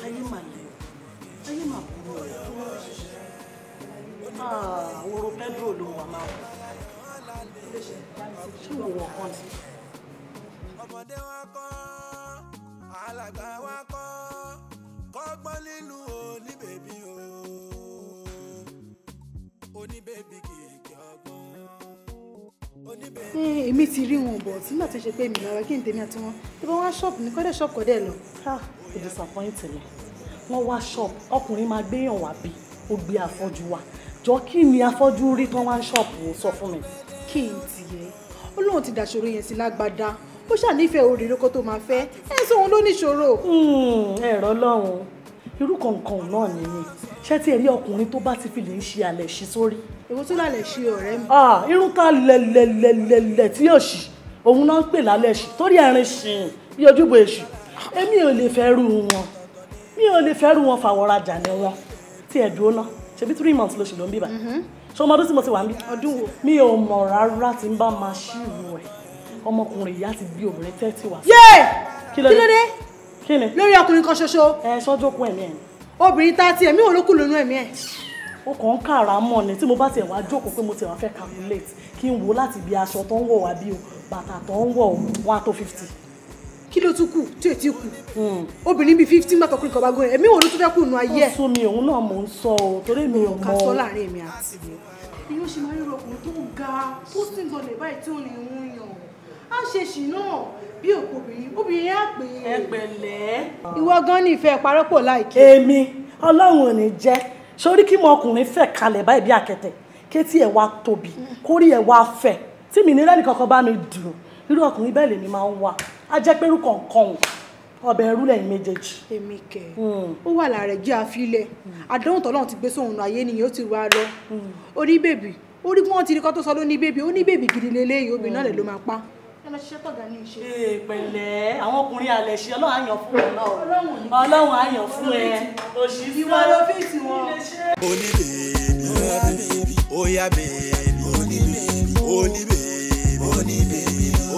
Okay, ẹ ṣe ayé máa burú ọ̀rẹ́ tó wọ́n ṣe àwòrò pedro ló wà máa wọ̀ ṣé mo wọ̀ kàn sí. ọmọdé wa kọ́ alàgbà wa kọ́ kọ́gbọ́n èmi ti rí wọn bọ̀ tí màtí ṣe pé mi lára kí n tèmi àti wọn tí wọ́n wá ṣọ́ọ̀bù ní kọ́dẹ̀ ṣọ́ọ̀bù lọ. ó disappoint mi wọ́n wá ṣọ́ọ̀bù ọkùnrin máa gbéyàn wá bí ó gbé afọ́jú wá jọ kí ni afọ́jú rí tán wá ń ṣọ́ọ̀bù ó sọ fún mi. kí n tiẹ̀ ó lóun ti dàṣòro yẹn sí lágbádá ó ṣànífẹ̀ẹ́ òrèrè kó tó máa fẹ́ ẹ sọ òun ló níṣòro. Hmm, ẹ̀rọ lọ́run irú kankan náà nìyí ṣé tí ẹ̀rí ọkùnrin tó bá ti fi lè ń ṣe àlẹ̀ ṣí sórí. èwo tó lálẹ́ ṣe ọ̀rẹ́ mi. Ah, irun ká lẹ̀lẹ̀lẹ̀lẹ̀ tí yóò ṣì òun náà ń pè lálẹ́ ṣì torí ẹ̀rín ṣì bí ojúbọ èṣù èmi ò lè fẹ́ rú wọn mi ò lè fẹ́rù wọn fàwọn rajà ní ọwọ́ tí ẹ̀ dúró náà ṣebí three months ló ṣì ló ń bíbá ṣé ọmọ ọdún tí mo ti wà ń bí. ọdún wo. mi ò mọ̀ rárá tí n bá máa ṣírò ẹ̀ ọmọkùnrin yìí á ti bí obìnrin tẹ́tí wá. yéè kí ló dé kí ni. lórí ọkùnrin kan ṣoṣo. ẹ sọ́jọ́ kún ẹ̀mí ẹ̀ ni. obìnrin tá a ti ẹ̀mí òun ló kù lónú ẹ̀mí ẹ̀ ó kàn ń kàrà mọ̀ ni tí mo bá tiẹ̀ wá jókòó pé mo tiẹ̀ wá fẹ́ calculate kí n wo láti bí aṣọ tó ń wọ̀ wá bí o bàtà tó ń wọ̀ wá tó fifty kí ló tún kù tí ò tí kù obìnrin bíi fifty mọ́tò kúrò kọ́ bá gbóyè èmi wo ló tún fẹ́ kù nù ayé ẹ̀. ó mi òun náà mò ń sọ o torí mi ò mọ. ká láàrin èmi àti mi. èyí ṣe máa ń rọ ọkùnrin tó ga tó sì ń gbọdọ̀ báyìí tí òun ìhun yàn á ṣe ṣì náà bí òkú obìnrin obìnrin á pè é. ẹ pẹ̀lẹ́. ìwọ gan ni ìfẹ́ parọ́pọ̀ láìkí. èmi ọlọ́run ò ní jẹ́ sórí kí mo ọkùnrin fẹ́ kalẹ̀ báyìí bí àkẹ́tẹ̀ kétí ẹ̀ wá tóbi kórìí ẹ̀ wá fẹ̀ tí mi ní lẹ́nìkan irú ọkùnrin bẹ́ẹ̀ lèmi máa ń wá á jẹ́ pé irúkọ̀ nǹkan ọbẹ̀ ẹrú lẹ́yìn méjèèjì. èmi kẹ hmm. ó wà lára jẹ́ àfilẹ̀ hmm. àdéhùn tọ́lọ́run ti gbé sóhun ayé nìyẹn ó ti wá lọ hmm. orí bèbí orí bí wọ́n ti rí kọ́ tó sọ ló ní bèbí ó ní bèbí gidi lélẹ́yìí obìnrin náà lè ló máa pa ẹ pẹ̀lẹ́ àwọn ọkùnrin àlẹ ṣe Ọlọ́run àyàn fún ẹ Ọlọ́run àyàn fún ẹ òṣì sí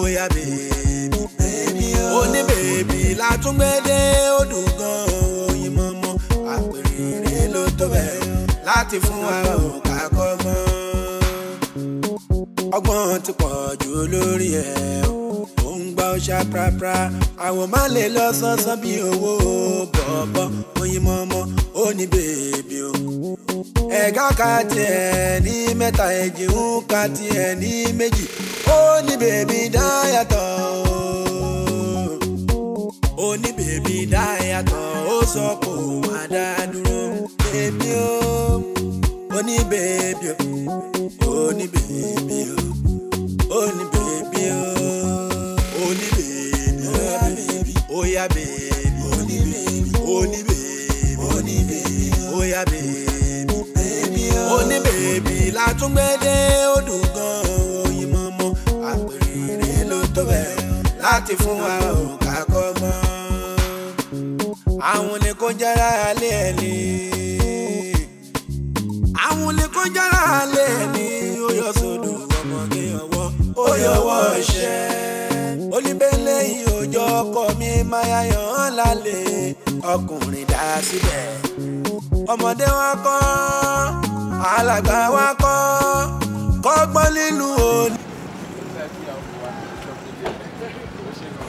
wọn wọn oníbèbí látúngbédé odùn gan oyin mọ́mọ́ àpèrè ló tó bẹ̀ láti fún wa ò kákọ́ mọ́. ọgbọ́n ti pọ̀ jù lórí ẹ̀ ó ń gbọ́ ṣá prapra àwọn má lè lọ sọ́sọ́ bí owó bọ̀bọ̀ oyin mọ́mọ́ oníbèbí o ẹ̀ka ka tiẹ̀ ní mẹ́ta ẹ̀jẹ̀ ń ka tiẹ̀ ní méjì ó dá. sọ pé òun á dá dúró bèbí o oní bèbí o oní bèbí o oní bèbí o oní bèbí o oya bèbí oní bèbí oní bèbí oní bèbí oya bèbí oní bèbí látúngbẹ́dẹ́ ó gan oyin mọ́mọ́ àpèrè ló tó bẹ̀rẹ̀ láti fún wa ò ká mọ́ àwọn ni kò jára alẹ́ ẹ̀ ni àwọn ni kò jára alẹ́ ẹ̀ ni ó yọ sódò ọmọge ọwọ́ ó yọwọ́ ṣẹ́ olùbẹ́lẹ̀ yìí òjò ọkọ mi máa yàyàn án lálẹ́ ọkùnrin dá síbẹ̀ ọmọdé wa kọ́ alàgbà wa kọ́ kọ́gbọ́n nínú òní.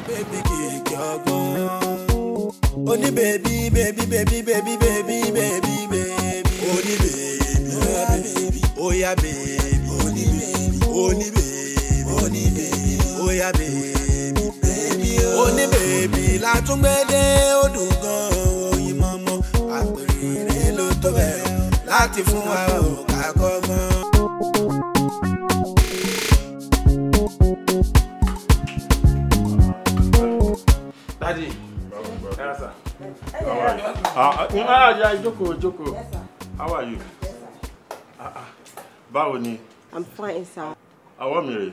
bébí kìkì ọgbọ́n. Oni baby, baby, baby, baby, baby, baby, baby. Oni baby, oh yeah baby, oh yeah baby. Oni baby, oni baby, oni baby, oh yeah baby, baby. Oni baby, látúngbẹ́dẹ́ ó dùn gan oyin mọ́mọ́. Àpèrè rẹ̀ ló tó bẹ̀rẹ̀ láti fún wa ò kakọ́ mọ́. Daddy. Yes, sir. How are you? Ah, yeah, Yes, sir. How are you? Yes, sir. Ah, ah. I'm fine, sir. Àwọn mi rè.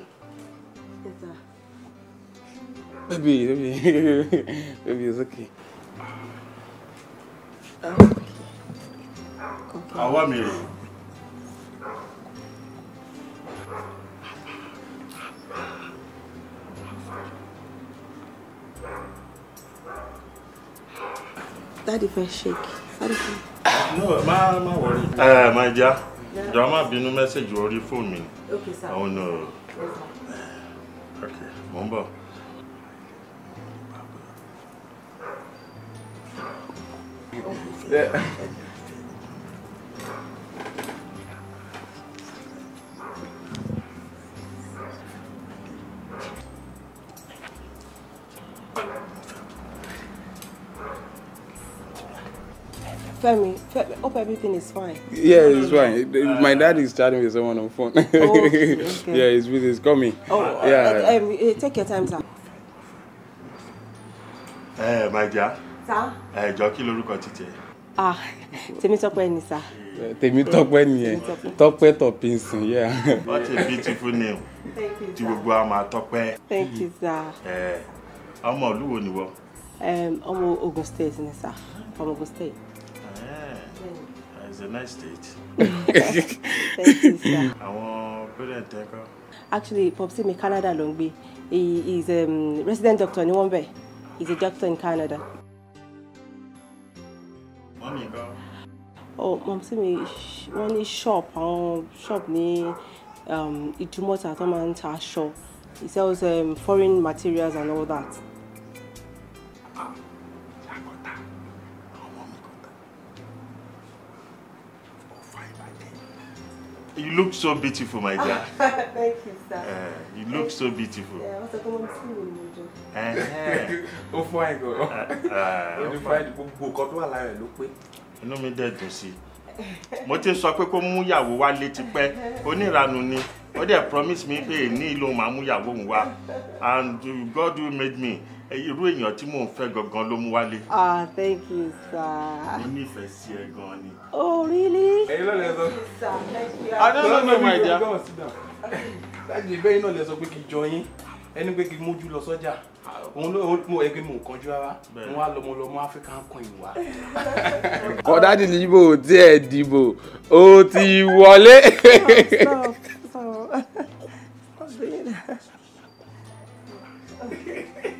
Yes, sir. Baby, baby, [laughs] baby, it's okay. Ah. Okay. Àwọn mi rè. Daddy, fẹ́ ṣèkì dáàdì no má má wọrí. ẹ má já jọ má bínú mẹ́sẹ̀gì orí fóònù mi. ok sir. oh no. Okay, mo ń bọ̀. Yeah. Femi, Femi, hope everything is fine. Yeah, it's fine. Uh, My dad is chatting with someone on phone. Oh, okay, okay. [laughs] yeah, he's with his coming. Oh, yeah. Uh, um, eh, take your time, sir. Eh, uh, my dear. Sir. Eh, jọ kí lorúkọ títẹ. Ah, [laughs] Tèmítọ́pẹ́ ni sir. Tèmítọ́pẹ́ nìyẹn. Tọ́pẹ́ Tọ̀pinsin, yeah. [laughs] What a beautiful name. Thank you, sir. Tí gbogbo a Thank you, sir. Eh, ọmọ ìlú wo ni wọ? Um, ọmọ Ogun State ni sir. From Ogun State a nice date. thank you sir. àwọn parent actually popsi mi Canada long be. he is a um, resident doctor in wọ́n He's a doctor in Canada. wọ́n mi kọ́. oh popsi mi wọ́n ní shop àwọn shop ní um, Ìdúmọ̀tà tó máa ń ta aṣọ he sells um, foreign materials and all that. You look so beautiful, my dear. [laughs] Thank you, sir. Uh, you look so beautiful. Yeah, what's the common thing Eh. O fún àìgàn. O ní fáìlì gbogbo nǹkan tó wà lára ẹ̀ ló pé. Inú mi dẹ̀ dùn sí i. Mo ti sọ pé kó mú ìyàwó wá létí pẹ́. Oníranù ni. Ó dẹ̀ promise mi pé èyí ni ìlú màá mú ìyàwó òun wá. And God will made me irú èèyàn tí mò ń fẹ́ gangan ló mú wálé. ah thank you sir. mo nífẹ̀ẹ́ sí ẹ gan ni. oh really. ẹyin ló lè sọ. adéwọ̀n mi máa jà. láti ìbẹ́ yín náà lè sọ pé kì í jọ yín ẹni pé kì í mójú lọ sọ́jà òun ló mú ẹgbẹ́ mò ń kanjú rárá mo wá lọmọ lọmọ áfíríkà ń kan ìwà. ọ̀dà ti tí ẹ dìbò ó ti wọlé. [laughs] Oh, stop stop. [laughs] [laughs]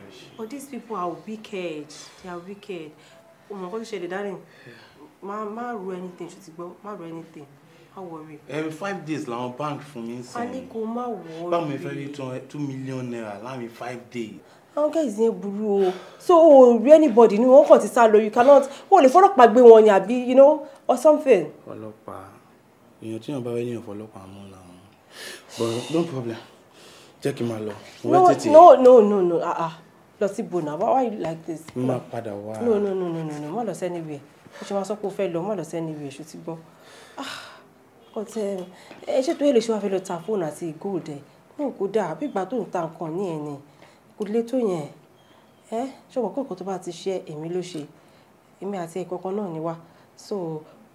But these people are wicked. They are wicked. Oh my God, Shade, darling. Ma, ma ruin anything, She said, Ma ruin anything. How worry? Um, five days làwọn bank fún mi Ani A ní kó má worry. Báwo mi fẹ́ two million naira láàrin five days? àwọn guys yẹn burú o so o anybody ni wọn kàn ti sá you cannot Oh, ò lè fọlọ́pàá gbé wọn ni you know or something. ọlọ́pàá èèyàn tí yàn bá wẹ níyàn fọlọ́pàá mú làwọn but no problem jẹ́ him n máa no no no no ah ah lọ sí bona why you like this. má padà wá. no no no no no má lọ sí anywhere ó ṣe máa sọ pé o fẹ́ lọ má lọ sí anywhere ṣó ti gbọ́ kò ah, tẹ um, ẹ ṣé tó yẹ lè ṣe wàá fẹ́ lọ ta fóònù àti gold ẹ ní òkúta àbí ìgbà tó ń ta nǹkan ní ẹ ni kò lè tó yẹn ẹ ṣọwọ́n kọ̀ọ̀kan tó bá ti ṣe èmi ló ṣe èmi àti ẹ̀ kankan náà ni wá so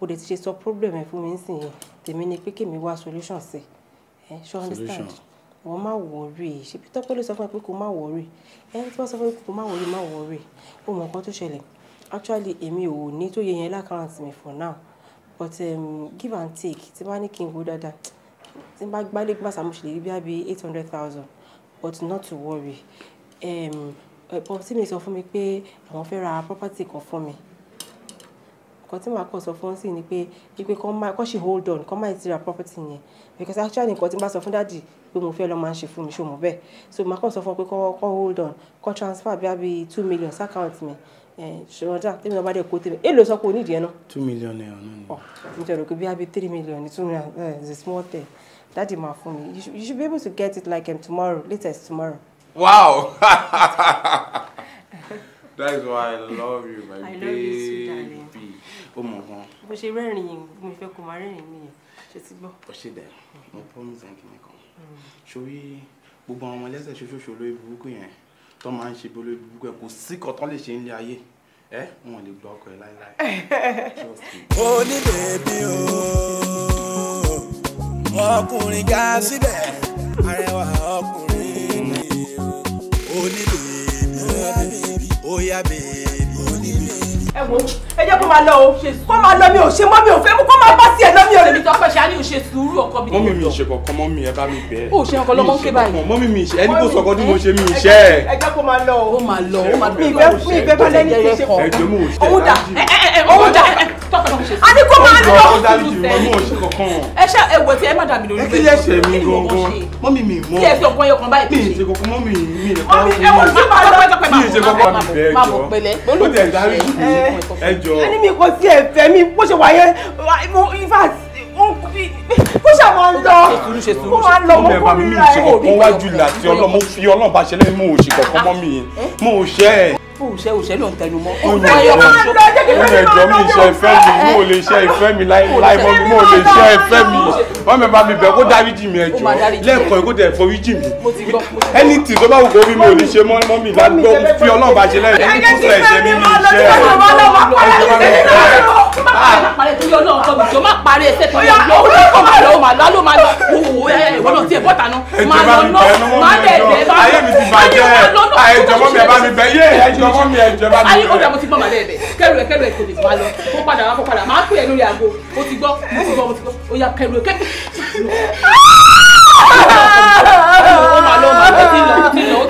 o lè ti ṣe sọ problem ẹ fún mi nísìnyí tèmi ni pé kèmi wá solution sí ẹ ṣọ understand wọ́n má wọ̀ọ́rì ṣebí tọ́pẹ́ ló sọ fún ẹ pé kó má wọ̀ọ́rì ẹni tí wọ́n sọ fún ẹ pé kó má wọ̀ọ́rì má wọ̀ọ́rì ó mọ nǹkan tó ṣẹlẹ̀ actually èmi ò ní tó yẹ yẹn lákàrántì mi for now but um, give and take tí bá ní kí n wo dáadáa tí bá gbálé gbàsá mo ṣe lè rí bí i eight hundred thousand but not to worry um, ẹ̀pọ̀ tí mi sọ fún mi pé àwọn fẹ́ ra property kan fún mi nǹkan tí màá kàn sọ fún sí ni pé wípé kọ́ ṣe hold on kọ́ máa ti ra property yẹn because actually nǹkan tí n bá sọ fún dáàdì pé mo fẹ́ lọ máa ń ṣe fún mi ṣòmù bẹ́ẹ̀ so màá kàn sọ fún ọ pé kọ́ kọ́ hold on kọ́ transfer bí i two million sí account mi ṣọdá tèmi náà bá kó tèmi èlò sọ pé onídìí ẹ náà. two million naira náà ni. ọ mi jẹ́ bí i three million ni two million eh, is a small thing daddy ma fún mi you should, be able to get it like um, tomorrow latest tomorrow. wow [laughs] [laughs] that is why i love you my I baby. i love you too darling. o mọ̀ gan. bó ṣe rẹ́rìn-ín mo fẹ́ kó máa rẹ́rìn-ín nìyẹn ṣe ti gbọ́. ó ṣe dẹ̀ mo promise ẹ̀ kí sórí gbogbo àwọn ọmọlẹ́sẹ̀ ṣoṣooṣo lórí burúkú yẹn tó máa ń ṣe bó lórí burúkú yẹn kò sí kọ́tọ́ lè ṣe nílé ayé ẹ wọn lè gbọ́ ọkọ ẹ láéláé. onílé bí o ọkùnrin ga síbẹ̀ arẹwà ọkùnrin ni o onílé bí o yá bèbí ẹ wo ẹ jẹ́ kó máa lọ o kó máa lọ mi ò ṣe mọ́ mi ò fẹ́ mú kó máa bá sí ẹ lọ́mí o lèmi tó fẹ́ ṣe á ní òṣè sùúrù ọkọ mi. mọ́mí mi ìṣe kọ̀ọ̀kan mọ́mí ẹ bá mi bẹ́ẹ̀. o ṣe ọkọ lọmọ ń báyìí. mọ́mí mi ìṣe ẹni kò sọ̀kọ́ tí mo ṣe mi ìṣe ẹ jẹ́ kó máa lọ o. ó máa lọ ó máa dúró ìṣe ẹ̀ tó ṣe jẹ́rẹ́ kọ. ẹ jẹ́ mú òṣè a ní kó máa ń lọ ẹ ṣe ewo tí ẹ má dàbí lórí bẹ́ẹ̀ ẹ kí ẹsẹ mi gangan mọ mi mi mọ kí ẹsẹ ọgbọn yọkan báyìí mi ìṣe kankan mọ mi mi ìṣe kankan mi ẹwọ tí máa lọ pẹpẹ máa mọ máa mọ bẹ́ẹ̀ máa mọ pẹ̀lẹ́ ó tẹ dárí mi ẹjọ ẹni mi kò sí ẹ̀fẹ̀ mi bó ṣe wáyé in fact kó ṣe máa ń kó máa lọ mọ kó mi ra ẹ. mo bẹ̀ bá mi mi ìṣe kankan wájú láti ọlọ́mọ fi ọlọ́ba ṣẹlẹ̀ mo ò ṣe kankan mọ́ mi eh? mo ò ṣe ẹ̀ òṣè òṣè ló ń tẹnu mọ́. ó lè jọ mi ìṣe ìfẹ́ mi mo lè ṣe ìfẹ́ mi láì mọ́ mi mo lè ṣe ìfẹ́ mi wọ́n mẹ́fà mi bẹ̀ kó dáríjì mi ẹ̀jọ̀ lẹ́ẹ̀kan kó dẹ̀ foríjì mi ẹnití tó bá wù kó rí mi ò ní ṣe mọ́ mi lágbó fi ọlọ́ọ̀bá ṣe lẹ́yìn ẹni tó sọ ẹ̀ṣẹ̀ mi ní iṣẹ́ ẹ̀ má parí ẹ̀ tó yọ náà tọ́bi tó má parí ẹ̀ sẹ́tọ̀ yọ lọ ó lọ́kọ̀ má lọ má lọ má lọ wò wò ẹ ìwọ náà tiẹ̀ bọ́ta nù má lọ nọ má lẹ̀ lẹ̀ má lọ ayé mi ti bàjẹ́ ayé jọmọ mi ẹ bá mi bẹ yé ẹ jọmọ mi ẹ jọba mi bẹ. ayé ó dà mo ti gbọ́ màlẹ́ ẹ̀ bẹ̀ kẹ́rù ẹ̀ kẹ́rù ẹ̀ kò lè má lọ kó padà wá kó padà má pè é lórí aago mo ti gbọ́ mo ti gbọ́ mo ti gbọ́ ó yà kẹ́rù ẹ̀ kẹ́rù ó má lọ má lọ ti lọ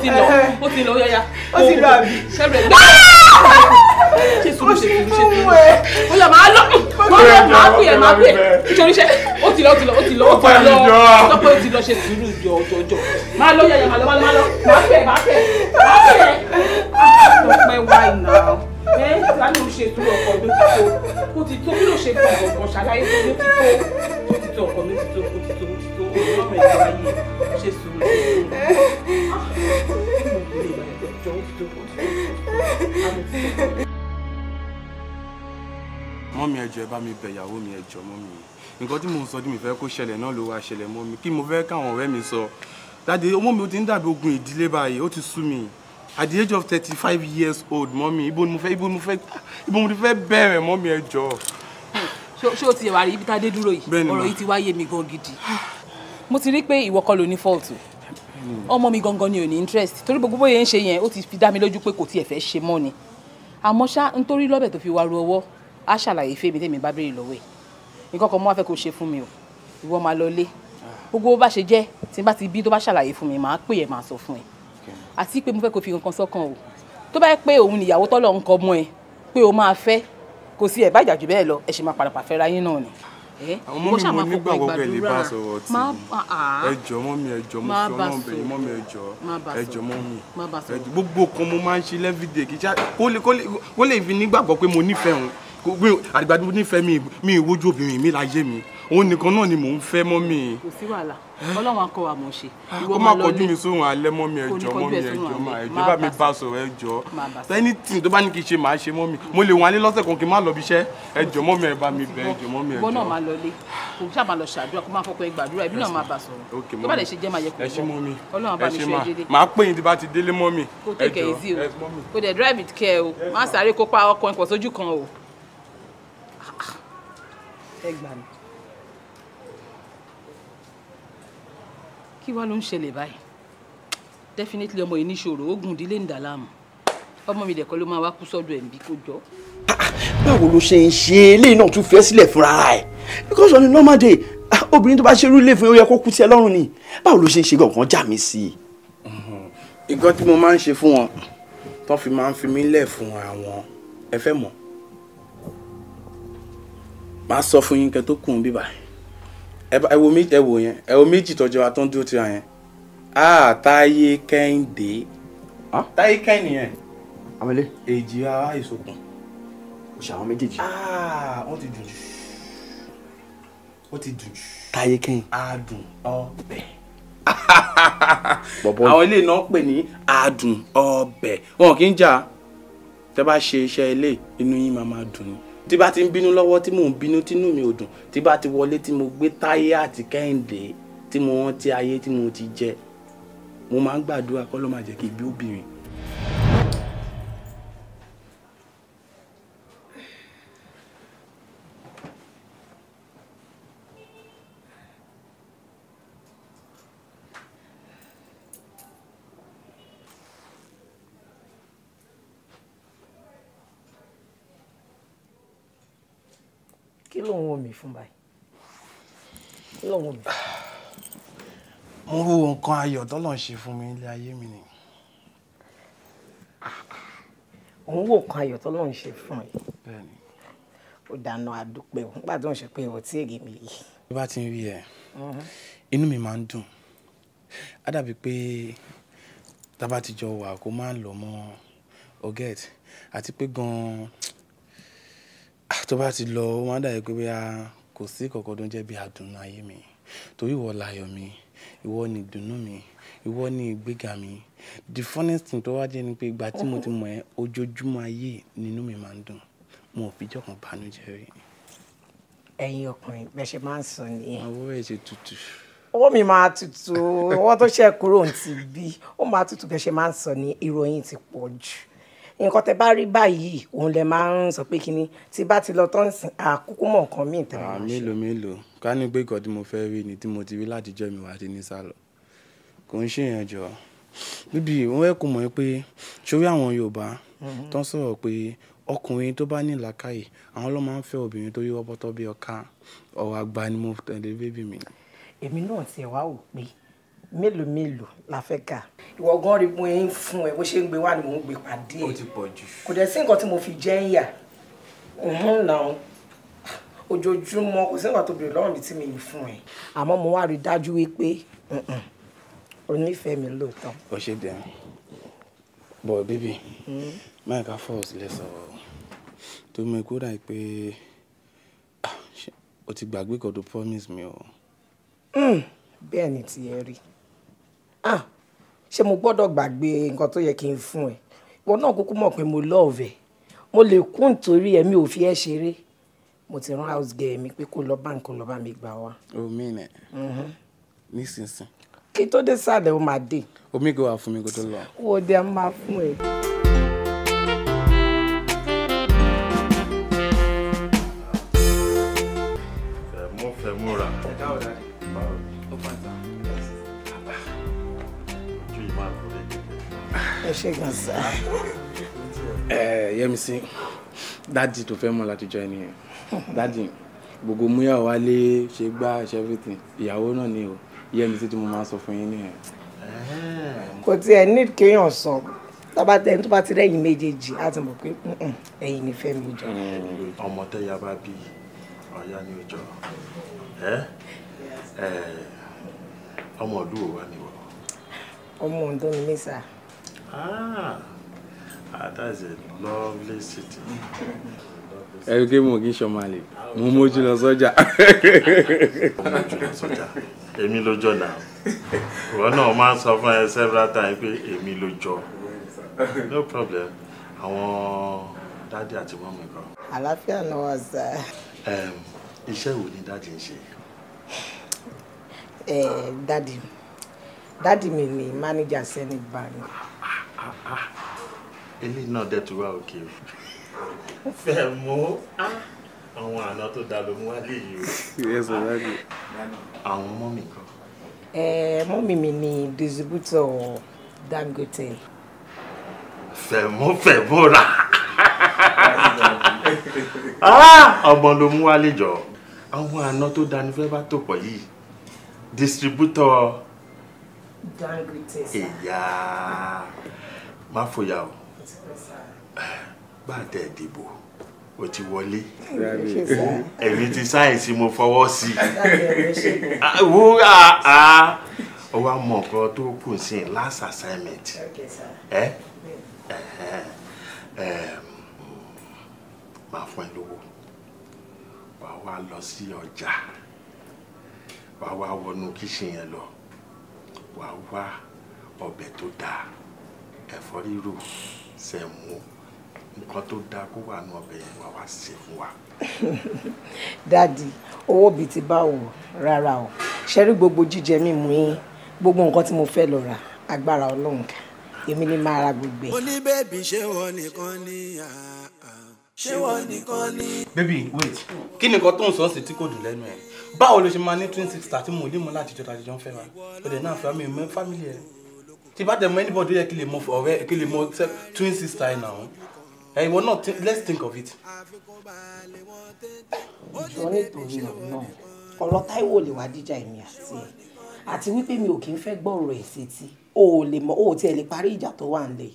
ti lọ ó ti lọ ó yáyá ó ti lọ àbí ṣẹlẹ gbẹ ṣe sùúrù ṣe sùúrù ṣe sùúrù ó yà máa lọ máa lọ máa kú yẹ máa kú yẹ nítorí ṣe ó ti lọ ó ti lọ ó ti lọ ó ti lọ lọpọ ó ti lọ ṣe sùúrù jọ jọ jọ máa lọ yàyà máa lọ máa lọ máa pẹ máa pẹ máa pẹ ọpẹ wá ìnà ẹ láti ṣe sùúrù ọkọ mi ti tó kó ti tó kí ló ṣe fún ọkọ ṣàlàyé tó ló ti tó tó ti tó ọkọ mi ti tó tó ti tó ọmọ mi lọ́wọ́ yìí ṣe sùúrù mọ́mí ẹjọ́ ẹ bá mi bẹ̀ ìyàwó mi ẹjọ́ mọ́mí nǹkan tí mò ń sọ tí mi fẹ́ kó ṣẹlẹ̀ náà ló wá ṣẹlẹ̀ mọ́mí kí mo fẹ́ káwọn ọ̀rẹ́ mi sọ dáde ọmọ mi ó ti ń dàbí ogun ìdílé báyìí ó ti sú mi at the age of thirty five years old mọ́mí ibo ni mo fẹ́ ibo ni mo fẹ́ ibo ni mo fẹ́ bẹ̀rẹ̀ mọ́mí ẹjọ́. ṣé o ti wà rí ibi tá a dé dúró yìí ọ̀rọ̀ yìí ti wáyé mi gan gidi mo ti rí pé ìwọ kọ́ ló ní fault ọmọ mi gangan ni ò ní interest torí gbogbo bóyá ń ṣe yẹn ó ti fi dá mi lójú pé kò tiẹ̀ fẹ́ ṣe mọ́ ni àmọ́ ṣá nítorí lọ́bẹ̀ tó fi wá ru ọwọ́ á ṣàlàyé fèmí tèmi bá béèrè lọ́wọ́ ẹ̀ nǹkan kan mọ́ wá kó ṣe fún mi o ìwọ máa lọ lé gbogbo bó bá ṣe jẹ́ tí n bá ti bí tó bá ṣàlàyé fún mi màá pè ẹ́ màá sọ fún ẹ àti pé mo fẹ́ kó fi nǹkan sọ́kàn o tó bá yẹ pé òun nìyàwó tọ́lọ̀ ń kọ́ mọ́ ẹ pé o máa fẹ́ kò sí ẹ̀ bá ìjà Eh? àwọn mọ́mí mo nígbàgbọ́ pé lè bá sọ̀rọ̀ tí ah. ẹjọ́ mọ́mí ẹjọ́ mo fi ọlọ́run bẹ̀rẹ̀ mọ́mí ẹjọ́ ẹjọ́ mọ́mí ẹjọ́ gbogbo kan mo máa ń ṣe lẹ́fídẹ̀ kí ṣá kó lè fi nígbàgbọ́ pé mo nífẹ̀ẹ́ òun àdìgbàdì mo nífẹ̀ẹ́ mi ìwójú obìnrin mi láyé mi òun nìkan náà ni mò ń fẹ́ mọ́mì. kò sí wàhálà ọlọ́run akọ wa mò ń ṣe. Ah, kó má kọjú mi sóhun alẹ́ mọ́mì ẹjọ́ mọ́mì ẹjọ́ máa ẹjọ́ bá mi bá sọ̀rọ̀ ẹjọ́ anything tó bá ní kí n ṣe máa ṣe mọ́mì mo lè wọn alẹ́ lọ́sẹ̀ kan kí n má lọ bí iṣẹ́ ẹjọ́ mọ́mì ẹ bá mi bẹ ẹjọ́ mọ́mì ẹjọ́. gbọ́dọ̀ máa lọ lé kò sáà máa lọ ṣàdúrà kó máa fọkọ ẹ gbàdúrà ẹbí náà máa bà sọ̀rọ̀ tó bá lè ṣe jẹ́ máa yẹ kó bọ̀ ọlọ́run bá mi ṣe dédé. pè yín tí bá ti délé mọ́mì. kó tẹ̀kẹ̀ ẹ̀ o kó dẹ̀ drive it care o má sáré kópa ọkọ̀ ẹ̀kọ́ sójú kan o. ẹ gbà mí. kí wàá ló ń ṣẹlẹ̀ báyìí definitely ọmọ yìí níṣòro oògùn ìdílé ń dà láàmú ọmọ mi dẹ̀kọ́ ló máa wá kú sọ́dọ̀ ẹ̀ ń bí kó jọ. báwo ló ṣe ń ṣe eléyìí náà tún fẹ́ sílẹ̀ fúnra ẹ̀ because on a normal day ah, obìnrin tó bá ṣerú ilé fún yóò yẹ kó kú sí ẹ lọ́rùn ni báwo ló ṣe ń ṣe gbọ̀ngàn já mi sí i. nǹkan tí mo máa ń ṣe fún wọn tó fi máa ń fi mí lẹ̀ fún àwọn ẹ fẹ́ mọ̀ máa sọ fún yín kẹ́ tó kùn bíbáyìí ẹ wo méjì ẹ wo yẹn ẹ wo méjì tọjọ wa tó ń yẹn ah táyé kẹ́hìndé ah, táyé kẹ́hìndé yẹn amẹ́lẹ́ èjì ara ìsopọ̀ o ṣe àwọn méjèèjì ah wọ́n ti dùn jù wọ́n ti dùn jù táyé kẹ́hìn adùn ọbẹ̀ àwọn ilé náà pè ní adùn ọbẹ̀ wọn kì í jà tẹ bá ṣe iṣẹ́ ilé inú yín máa máa dùn ni tí bá ti ń bínú lọ́wọ́ tí mò ń bínú tínú mi ò dùn tí bá ti wọlé tí mo gbé táyé àti kẹ́hìndé tí mo rántí ayé tí mo ti jẹ mo máa ń gbàdúrà kọ́ ló máa jẹ́ kí ibi ó bìrìn. kí ló ń wò mí fún báyìí kí ló ń wò mí. mo wo nǹkan ayọ̀ tọ́lọ̀ ń ṣe fún mi nílé ayé mi ni. òun wo nǹkan ayọ̀ tọ́lọ̀ ń ṣe fún ẹ. bẹ́ẹ̀ni. ó dáná àdúpẹ́ òun gbà tó ń ṣe pé ọtí èrè mi yìí. bí bá ti ń rí ẹ mm-hmm. inú mi máa ń dùn á dàbí pé tá a bá ti jọ wà kó máa lọ mọ́ ọgẹ́t àti pé gan-an tó bá ti lọ ó máa dàbí pé bóyá kò sí kọ̀ọ̀kan tó ń jẹ́ bí àdùnnú ayé mi torí ìwọ láyọ̀ mi ìwọ ni ìdùnnú mi ìwọ ni ìgbéga mi the funniest thing tó wá jẹ́ ni pé ìgbà tí mo ti mọ̀ ẹ́ ojoojúmọ́ ayé nínú mi máa ń dùn mo ò fi jọ̀kan bànújẹ́ rí. ẹ̀yin ọkùnrin bẹ ṣe máa ń sọ nìyẹn. àwọn ẹ̀ ṣe tutù. ọwọ́ mi máa tutù ọwọ́ tó ṣe kúrò ti bí ó máa tutù bẹ máa ń sọ ní ìròyìn ti pọ̀ jù nǹkan tẹ bá rí báyìí òun lẹ máa ń sọ pé kínní tí bá ti lọ tán sìn àkókò mọ nǹkan míì tẹ máa ah, ṣe. mélòó mélòó ká ní pé ìkọ́ tí mo fẹ́ rí ni tí mo ti rí látijọ́ mi wá ti ní sálọ kò ń ṣèyàn jọ bíbí wọn ẹ kò mọ̀ pé sórí àwọn Yorùbá mm-hmm. tó ń sọ̀rọ̀ pé ọkùnrin tó bá ní làákàyè àwọn ló máa ń fẹ́ obìnrin tó yí wọ́pọ́tọ́ bí ọká ọ̀rọ̀ àgbà ni mo tẹ̀lé bébì mi. èmi náà tiẹ̀ wá wò pé mélòó mélòó la fẹ́ kà. ìwọ gan rí mo ń fún ẹ bó ṣe ń gbé wá ni mò ń gbé pàdé ẹ kò dẹ̀ sí nǹkan tí mo fi jẹ́ ń yà òun náà ojoojúmọ́ kò sí nǹkan tó bèrè lọ́rùn mi tí mi ì fún ẹ. àmọ́ mo wá rí i dájú wípé onífẹ̀ẹ́ mi lóòótọ́. ó ṣe dẹ̀ bọ̀ bíbí máìka falls lè sọ̀rọ̀ tó mọ ikú dà pé ah, o ti gbàgbé kan tó promise mi o. Hmm, bẹ́ẹ̀ ni tiẹ̀ rí ah ṣé mo gbọ́dọ̀ gbàgbé nǹkan tó yẹ kí n fún ẹ ìwọ náà kúkú mọ̀ pé mo lọ́ọ̀vẹ̀ mo lè kú nítorí ẹ̀mí ò fi ẹ́ ṣeré mo ti rán house girl mi pé kó lọ bá nǹkan lọ bá mi gbà wá. omi nẹ mm-hmm. nísinsìnyí. kí tó dé sáàlẹ̀ ó máa dé. omi kò wá fún mi kó tó lọ. wo de a máa fún ẹ. ṣe gan sa. ẹ Yẹmisí dádì tó fẹ́ mọ̀ látijọ́ ẹni yẹn dádì gbogbo múyà wálé ṣe gbá ṣe everything ìyàwó náà ni o Yẹmisí tí mo máa sọ fún yín nìyẹn. kò tiẹ̀ ní kéèyàn sọ tọ́ba tẹni tó bá ti rẹ́yìn méjèèjì á ti mọ̀ pé ẹ̀yin ni Fẹ́mi jọ. ọmọ tẹ́yà bá bí ọ̀yá ni ó jọ ọmọ ìlú wo wá ni wọ́n. ọmọ Oǹdó ni mí sá. Ah, ah that's a lovely city. ẹ gbé mò ń kí sọmọ àlè ah, mo mójú lọ sọjà. mo mójú lọ sọjà èmi ló jọ náà ìwọ náà máa sọ fún ẹ several times pé èmi ló jọ no problem àwọn dáàdì àti mọ́mí kan. àlàáfíà náà wà sá. iṣẹ́ wo ni dáàdì ń ṣe. Eh, dáàdì dáàdì mi ni manager Zenith Bank ilé náà dẹ̀ tún wá òkè o ó fẹ́ mú àwọn àna tó dá ló mú wá lè yí o àwọn mọ́mì kan. mọ́mì mi ni distributor Dangote. fẹ̀mú fẹ̀mú rà ah, ọmọ ló mú wá lè jọ àwọn àna tó dání fẹ́ bá tò pọ̀ yìí distributor. Dangote. ìyá. Yeah má fòyà o gbàtẹ́ ìdìbò o ti wọlé èmi ti sáyẹ̀nsì mo fọwọ́ sí i wúrà á ó wá mọ nǹkan tó kù sí i last assignment ẹ ẹ máa fún ẹ lówó wàá wá lọ sí ọjà wàá wá wọnú kíṣìn yẹn lọ wàá wá ọbẹ̀ tó dáa ẹ̀fọ́ rírò sẹ̀mú nǹkan tó dáa kó wà ní ọbẹ̀ yẹn wà wá ṣe fún wa. [laughs] dádì owó bíi ti bá wò rárá o ṣe rí gbogbo jíjẹ mímu yín gbogbo nǹkan tí mo fẹ́ lọ rà agbára ọlọ́run ká èmi ni máa ra gbogbo ẹ̀. oníbẹ̀bí ṣé wọ́n nìkan ní ṣé wọ́n nìkan ní. baby wait kí ni nǹkan tó ń sọ sí tí kò dùn lẹ́nu ẹ̀ báwo ló ṣe máa ní twin six thirty mo lè mú láti jọta àtijọ́ ń ọ̀dẹ̀ náà fẹ́ mi ò mẹ́ fámìlì ẹ̀ tí bá dẹ̀ mọ anybody yẹ kí lè mọ ọ̀rẹ́ kí lè mọ twin sister yìí náà ẹ ìwọ náà let's think of it. ìjọ nítorí ọ̀rọ̀ náà ọ̀rọ̀ Táíwò lè wá díjà èmi àti ẹ̀ àti wípé mi ò kì í fẹ́ gbọ́ ọ̀rọ̀ ẹ̀ sétí o ò lè mọ o ò tiẹ̀ lè parí ìjà tó wà nílẹ̀.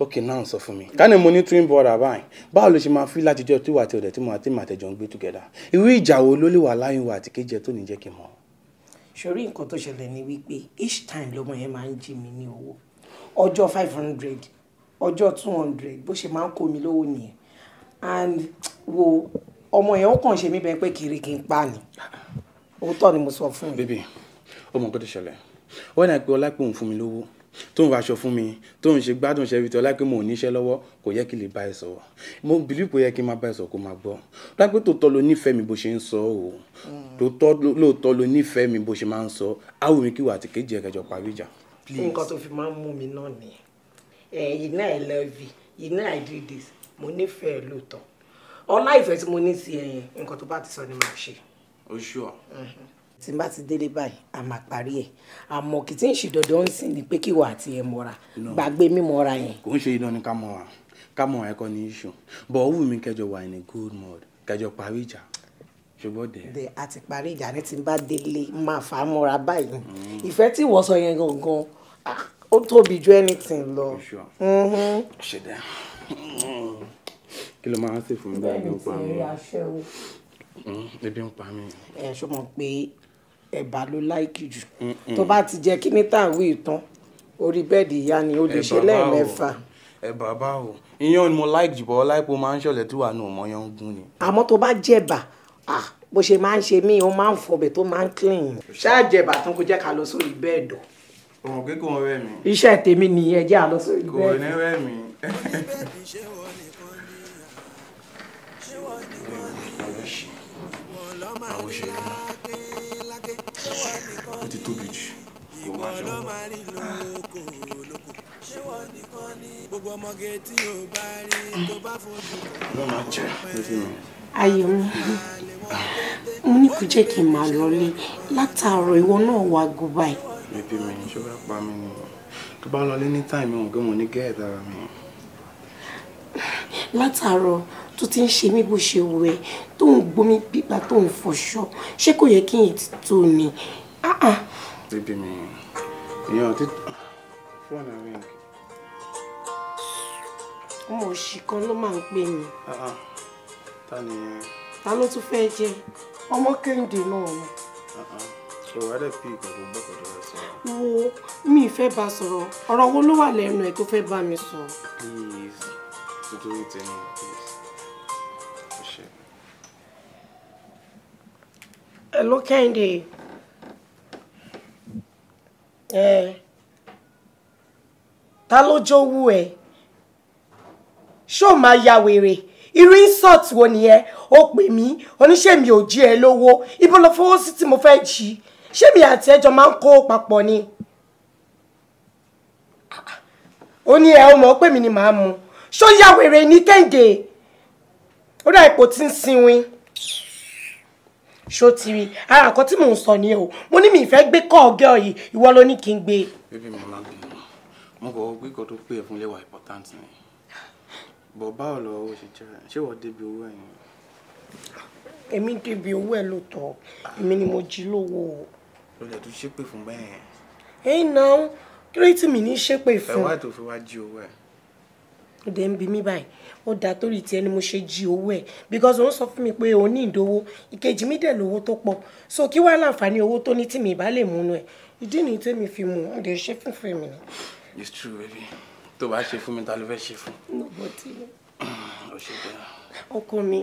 ok now sọ fún mi ká mo ní twin brother báyìí báwo ló ṣe máa fi látijọ́ tí wà á ti ọ̀dẹ̀ tí mo àti màtẹ̀jọ́ ń gbé together irú ìjà wo ló lè wà láyé wa àti kéjẹ tó ní jẹ́ kí n mọ̀ ṣorí nǹkan tó ṣẹlẹ̀ ni wípé each time lọ́mọ yẹn máa ń jí mi ní owó ọjọ́ five hundred ọjọ́ two hundred bó ṣe máa ń kó mi lówó nìyẹn and wo ọmọ yẹn ó kàn ṣe mí bẹ́ẹ̀ pé kiri kí n pa ni òótọ́ ni mo sọ fún yín. bébì ọmọ nǹkan tó ṣẹlẹ̀ wọ́n náà pé ọlá pé òun fún mi lówó tó ń waṣọ fún mi tó ń ṣe gbádùn ṣe rìtọ́ láìpẹ́ mò ń níṣẹ́ lọ́wọ́ kò yẹ kí lè bá ẹ sọ̀rọ̀ mo bìlí kò yẹ kí n máa bá ẹ sọ̀rọ̀ kó máa gbọ́ láìpẹ́ tó tọ́ lo nífẹ̀ẹ́ mi bó ṣe ń sọ o mm. tó lóòótọ́ lo nífẹ̀ẹ́ mi bó ṣe máa ń sọ áwò mi kíwà àti kéjì ẹ̀kẹjọ parí ìjà. nǹkan tó fi máa ń mú mi náà ni you know I love you you know I do this mo nífẹ̀ẹ́ lóòótọ́ ọlá ìfẹ́ tí mo ní sí ẹ̀yìn nǹkan tó bá ti sọ ni màá ṣe. oṣù ọ̀ mm-hmm tí n bá ti délé báyìí a máa parí ẹ̀ àmọ́ kì í tí ń ṣe dandan ń sìn ni pé kí wà á ti ẹ̀ mọ́ra gbàgbé mímọ́ra yẹn. kò ń ṣe iná ni ká mọ wa ká mọ ẹkọ ní iṣu bọ ó wù kẹjọ wà ní good mood kẹjọ parí ìjà ṣùgbọ́n dẹ. dẹ a ti parí ìjà ní tí n bá délé máa fà á mọ́ra báyìí ìfẹ́ tí ìwọ sọ yẹn gangan ó tóbi ju anything lọ. Mm-hmm. ṣẹ̀dá kí ló máa ń sè fún mi báyìí ló ń pa mí mm-hmm. ebi ń pa mí. ẹ ṣó pé ẹ̀bà ló láìkì jù tó bá ti jẹ kí ní tàwí ìtàn orí bẹ́ẹ̀dì ìyá ni o lè ṣe lẹ́ẹ̀mẹ́fà. ẹ̀bà báwo iyán ni mo láìkì jù bọ́ láìpẹ́ máa ń ṣọ̀lẹ̀ tí wàá nù ọmọ yẹn ń gún ni. àmọ́ tó bá jẹ̀bà bó ṣe máa ń ṣe míì ó máa ń fọbẹ̀ tó máa ń clean. ṣáàjẹ̀bà tó kó jẹ́ ká lọ sórí bẹ́ẹ̀dọ̀. ọmọ pé rẹ mi. iṣẹ́ tèmi nìyẹn jẹ́ àlọ́ sórí bẹ́ẹ̀dọ̀. kò ní rẹ mi ó ti tóbi jù kó má ṣe wọn. ayọ̀ mi mo ní kó jẹ́ kí n máa lọlé látàárọ̀ ìwọ náà wá gùn báyìí. mi ní ṣọ́ra pa mí ni tó bá lọlé ní táìmì wọn gbé ní gẹ́ẹ̀dì ara mi. látàárọ̀ tó ti ń ṣe mí bó ṣe wù ẹ́ tó ń gbomi pípa tó ń fọṣọ ṣé kò yẹ kí n ti tó ni. Ah ah. Baby me. Yo, did phone ring? Mo kan Ah ah. Ta ni Ọmọ Kẹ́hìndé náà ni. Ah ah. So Wo mi fe ba sọ̀rọ̀. Ọ̀rọ̀ wo ló wà lẹ́nu ẹ̀ tó mi sọ? Please. please. Oh, ta ló jówú ẹ ṣó máa ya wèrè irú insult wo nìyẹn ó pè mí oníṣẹ́ mi ò jí ẹ lówó ibo lọ fowó sí tí mo fẹ́ jí ṣé mi àti ẹjọ́ máa ń kó papọ̀ ni ó ní ẹ ọmọ pé mi ni màá mu ṣó ya wèrè ní kẹ́hìndé ó dà ipò tí ń sinwin ṣó ti rí ara nǹkan tí mò ń sọ ni o mo ní mi ìfẹ́ gbé kọ́ ọ̀gẹ́ ọ̀yì ìwọ ló ní kí n gbé. bébí mi máa bínú mo kọ gbé kan tó pè é fún lẹ́wà important ni bọ̀ báwo lọ owó ṣe jẹ́ ṣé wọ́n débi owó ẹ̀yìn. èmi débi owó ẹ̀ lóòótọ́ èmi ni mo jí lówó. lọ́dẹ̀ tó ṣépè fún bẹ́ẹ̀. ẹ̀yin náà kírètì mi ní ṣépè fún. ẹ̀ wá ètò fi wá jí owó ẹ̀. ó ń bi mí báyìí ó dáa torí tiẹ̀ ni mo ṣe jí owó ẹ̀ because òun sọ fún mi pé òun ní ìdówó ìkejì mi dẹ̀ lówó tó pọ̀ so kí wàá láǹfààní owó tó ní tí mi ìbá lè múnú ẹ̀ ìdí nìyí tèmi fi mú un dẹ̀ ṣe fún fún mi ni. it's true baby tó bá ṣe fún mi ta ló fẹ́ ṣe fún. nobody. o [clears throat] ṣe bẹ́ẹ̀. ọkọ mi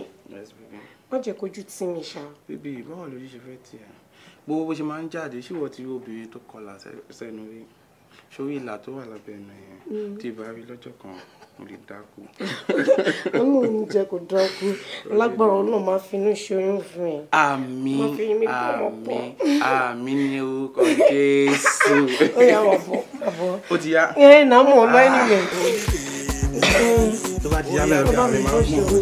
wọ́n jẹ́ kojú tí mi ṣá. bíbí báwo ló ṣe fẹ́ tiẹ̀ gbogbo bó ṣe máa ń jáde ṣíwọ́ ti obìnrin tó kọlà sẹ́nu rí sórí ìlà tó wà lábẹ́ ẹnu yẹn mm. tí ìbá rí lọ́jọ́ kan mo lè dákú. [laughs] ọlọ́run ní jẹ́ kó dákú lágbára ọlọ́run máa finú ṣoyún fún ẹ. àmín àmín àmín ní orúkọ jésù. [laughs] ó yà wọ̀ bọ̀ bọ̀. ó ti yá. ẹ ẹ nà mọ̀ ọlọ́ ẹni mẹ́. Ah. tó bá ti yá mẹ́rin ọ̀gá rẹ̀ máa mú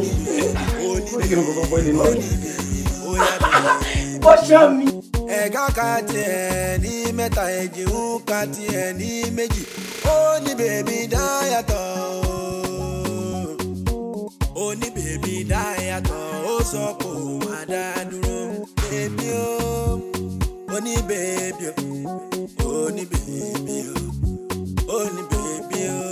ó ní mi ẹ̀ka ka tiẹ̀ ní mẹ́ta ẹ̀jìhún ka tiẹ̀ ní méjì ó ní bèbí dá yàtọ̀ ó ní bèbí dá yàtọ̀ ó sọ kò má dá dúró bèbí ó ó ní bèbí ó ó ní bèbí ó ó ní bèbí ó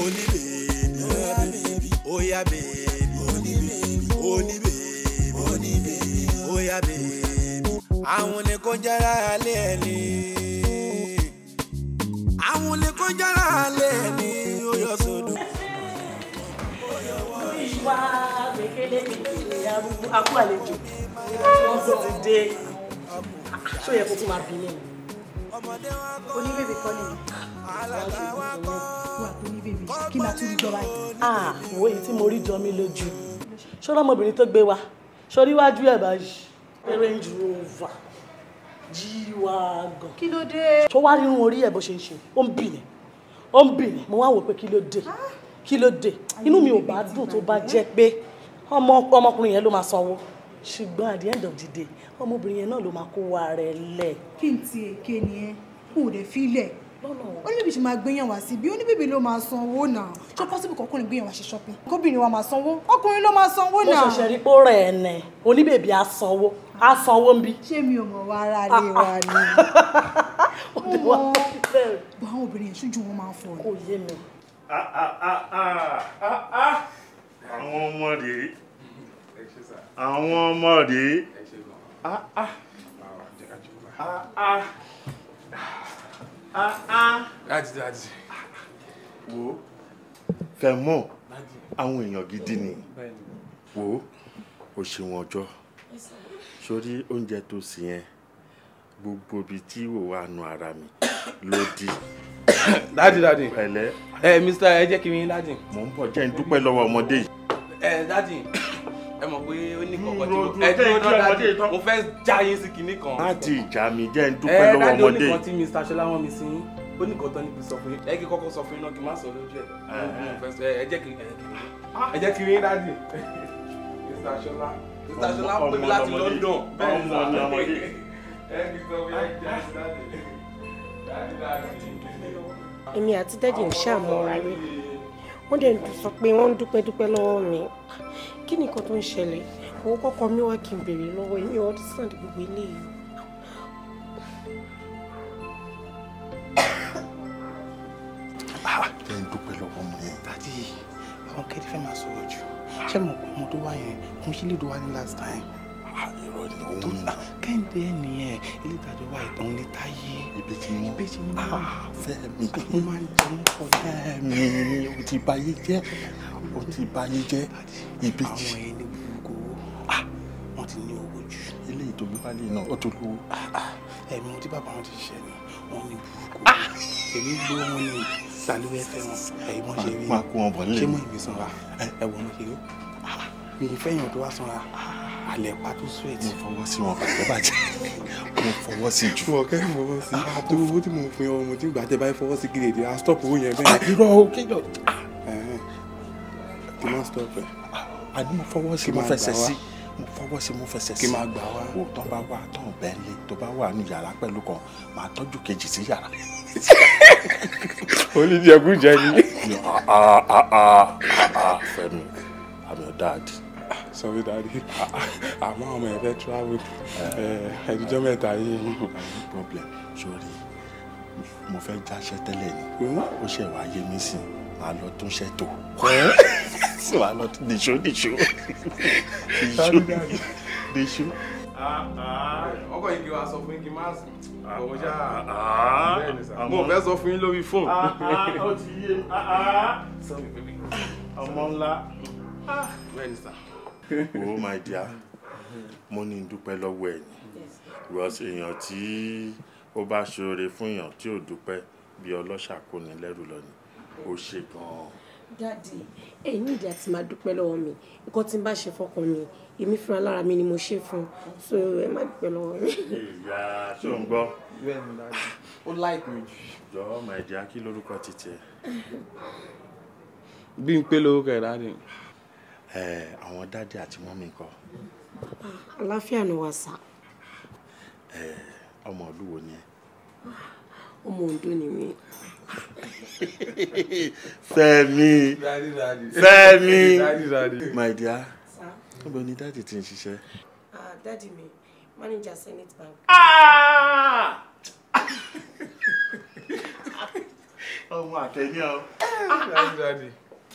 ó ní bèbí ó yá bèbí ó yá bèbí ó ní bèbí ó ní bèbí ó yá bèbí àwọn ni kò jára alẹ́ ẹni. àwọn ni kò jára alẹ́ ẹni ó yọ sódò. orí ìwà gbẹgẹdẹ kékeré akú àlejò wọn sì ti dé ṣó yẹ kó tún máa bínú oníbèbè kọ́ ni wà tó níbèbè kí n bá tún jọ báyìí. ah òwe yìí tí mo rí jọ mí lójú ṣọ́rọ́ ọmọbìnrin tó gbé wa ṣoríwájú ẹ̀ báyìí. Range Rover G-Wagon. kí ló dé. tó wá rírun orí ẹ̀ bó ṣe ń ṣe ó ń bì ní ó ń bì ní mo wá wò pé kí ló dé ah! kí ló dé inú mi ò bá dùn tó bá jẹ́ pé ọmọ ọmọkùnrin yẹn ló máa sanwó ṣùgbọ́n at the end of the day ọmọbìnrin yẹn náà ló máa kó wa rẹ̀ lẹ̀. kí n ti èké ni ẹ kò dé fi lẹ̀ ó ní bèbè ṣe máa gbéyàn wá síbi ó ní bèbè ló máa san owó náà ṣé pọ́sibú kọkùnrin gbéyàn wá ṣe shopping kóbìnrin wa máa sanwó ọkùnrin ló máa sanwó náà. mo ṣẹ̀ṣẹ̀ rí pó rẹ̀ ẹ̀nẹ̀ oníbèbè á sanwó á sanwó ń bí. ṣé mi ò mọ̀ wá ara lè wà ní. bọ́ àwọn obìnrin yẹn ṣojú wọn máa ń fọ ni. kò yé mi. àwọn ọmọ rèé àwọn ọmọ rèé dájú ah, ah. dájú wo fẹmọ àwọn èèyàn gidi ni wo o ṣeun ọjọ́ sórí oúnjẹ tó sì yẹn gbogbo ibi tí wò wá nu ara mi ló di. dadi dadi pẹ̀lẹ́. ẹ eh, mr ẹ jẹ́ kí n rí dadi. mò ń bọ̀ jẹ́ n dúpẹ́ lọ́wọ́ ọmọdé yìí. ẹ eh, dadi ẹ mọ̀ pé ó ní kọ̀kọ́ tí mo ẹ dúró náà dájú mo fẹ́ já yín sí kinní kan. láti ìjà mi jẹ́ ń dúpẹ́ lọ́wọ́ ọmọdé. ẹ dájú oníkan tí Mr. Ṣọlá wọn mi sí ó ní kọ́tọ́ níbi sọ fún yín ẹ kí kọ́kọ́ sọ fún yín náà kí n má sọ lójú ẹ ẹ jẹ́ kiri ẹ jẹ́ kiri yín dájú Mr. Ṣọlá Mr. Ṣọlá pè mí láti London bẹ́ẹ̀ ni [laughs] sọ fún yín ẹ kí sọ fún yín dájú dájú dájú. èmi àti dádì ń ṣàmọ́ wọn dẹ̀ sọ pé wọ́n ń dúpẹ́ dúpẹ́ lọ́wọ́ mi kí ni nǹkan tó ń ṣẹlẹ̀ owó kọ́kọ́ mi wá kí n béèrè lọ́wọ́ èmi understand gbogbo eléyìí. Ah, ẹ ń dúpẹ́ ṣé mo pọ̀ tó wá yẹn mo ṣe lè dùn wá ní last time. Ah, irọ́ ni òun náà. kẹ́hìndé nìyẹn ilé ìtajà wa ìtàn ní táyé. ìbejì ni wọn ìbejì ni wọn. fẹ́mi. mo máa ń jẹun pọ̀ fẹ́mi o ti báyé jẹ́ o ti báyé jẹ́ ìbejì. àwọn ẹni gbogbo ah. ah, wọn ti ní owó jù. ilé ìtòbí wálé náà ó tó lówó. Ah, ẹ̀mí ohun tí bàbá wọn ti ṣe ni wọn ní burúkú èmi gbó wọn ní ìsàlùwẹ̀ fẹ́ wọn ẹ̀yìn wọn ṣe rí i ṣé mo ìbí sanra ẹ̀wọ̀n mi kiri mi ìfẹ́yàn tó wá sanra alẹ́ pàtó sweat. mo fọwọ́ sí wọn bàjẹ́ bàjẹ́ mo fọwọ́ sí jù. mo kẹ́kẹ́ fọwọ́ sí tó tí mo fi ọmọ tí gbàjẹ́ báyìí fọwọ́ sí gírèdì a stop owó yẹn bẹ́ẹ̀. àbúrò kí ah, máa stop ẹ. àbí mo fọwọ́ sí mo fẹsẹ̀ sí mo fọwọ́ sí mo fẹsẹ̀ sí. kí máa gbà wá. wò tán bá wà tán bẹ́ẹ̀ lé tó bá wà ní yàrá pẹ̀lú kan máa tọ́jú kejì sí yàrá. ó [laughs] ní jẹgúnjẹ ni. [laughs] Ah, ah, Fẹ́mi I'm your dad. sorry daddy àmọ́ ọmọ ẹ̀ fẹ́ travel eh. eh, ẹ̀ẹ́dìjọ́ mẹ́ta yìí. [laughs] problem sorry mo fẹ́ jáṣẹ́ tẹ́lẹ̀ ni hmm? ó ṣe wáyé mi I máa lọ tún ṣètò sì wà lọ nìṣó nìṣó nìṣó nìṣó. ọkọ yìí kí wàá sọ fún yín kí n má mo fẹ́ sọ fún yín lórí fóònù. ó ti yé ọmọ ńlá. bẹ́ẹ̀ni [laughs] oh my dear mo ní dúpẹ́ lọ́wọ́ ẹ̀yin because èèyàn tí ó bá ṣoore fún èèyàn tí ò dúpẹ́ bí ọlọ́ṣà kò ní lẹ́rù lọ ni ó ṣe gan-an dáàdi ẹ ní ìdí àti máa dúpẹ́ lọ́wọ́ mi nǹkan tí n bá ṣe fọkàn mi èmi fúnra lára mi ni mo ṣe fún so ẹ má dúpẹ́ lọ́wọ́ mi. ìyá tó ń gbọ́. ó láìpẹ́ jù. jọ ọmọ ẹ̀jẹ̀ kí lórúkọ ti tiẹ̀. bí n pé lórúkọ ẹ̀ dáàdi. ẹ àwọn dáàdi àti mọ́mí ńkọ́. aláfíà ni wà sá. ọmọ ìlú wo ni ẹ. ọmọ Oǹdó ni mí. Fẹ́mi Fẹ́mi my dear níbo ni dáàdì ti ń ṣiṣẹ́. Ah, dáàdì mi manager Senate Bank. Ah! [laughs] ọmọ àtẹ̀yìn ọ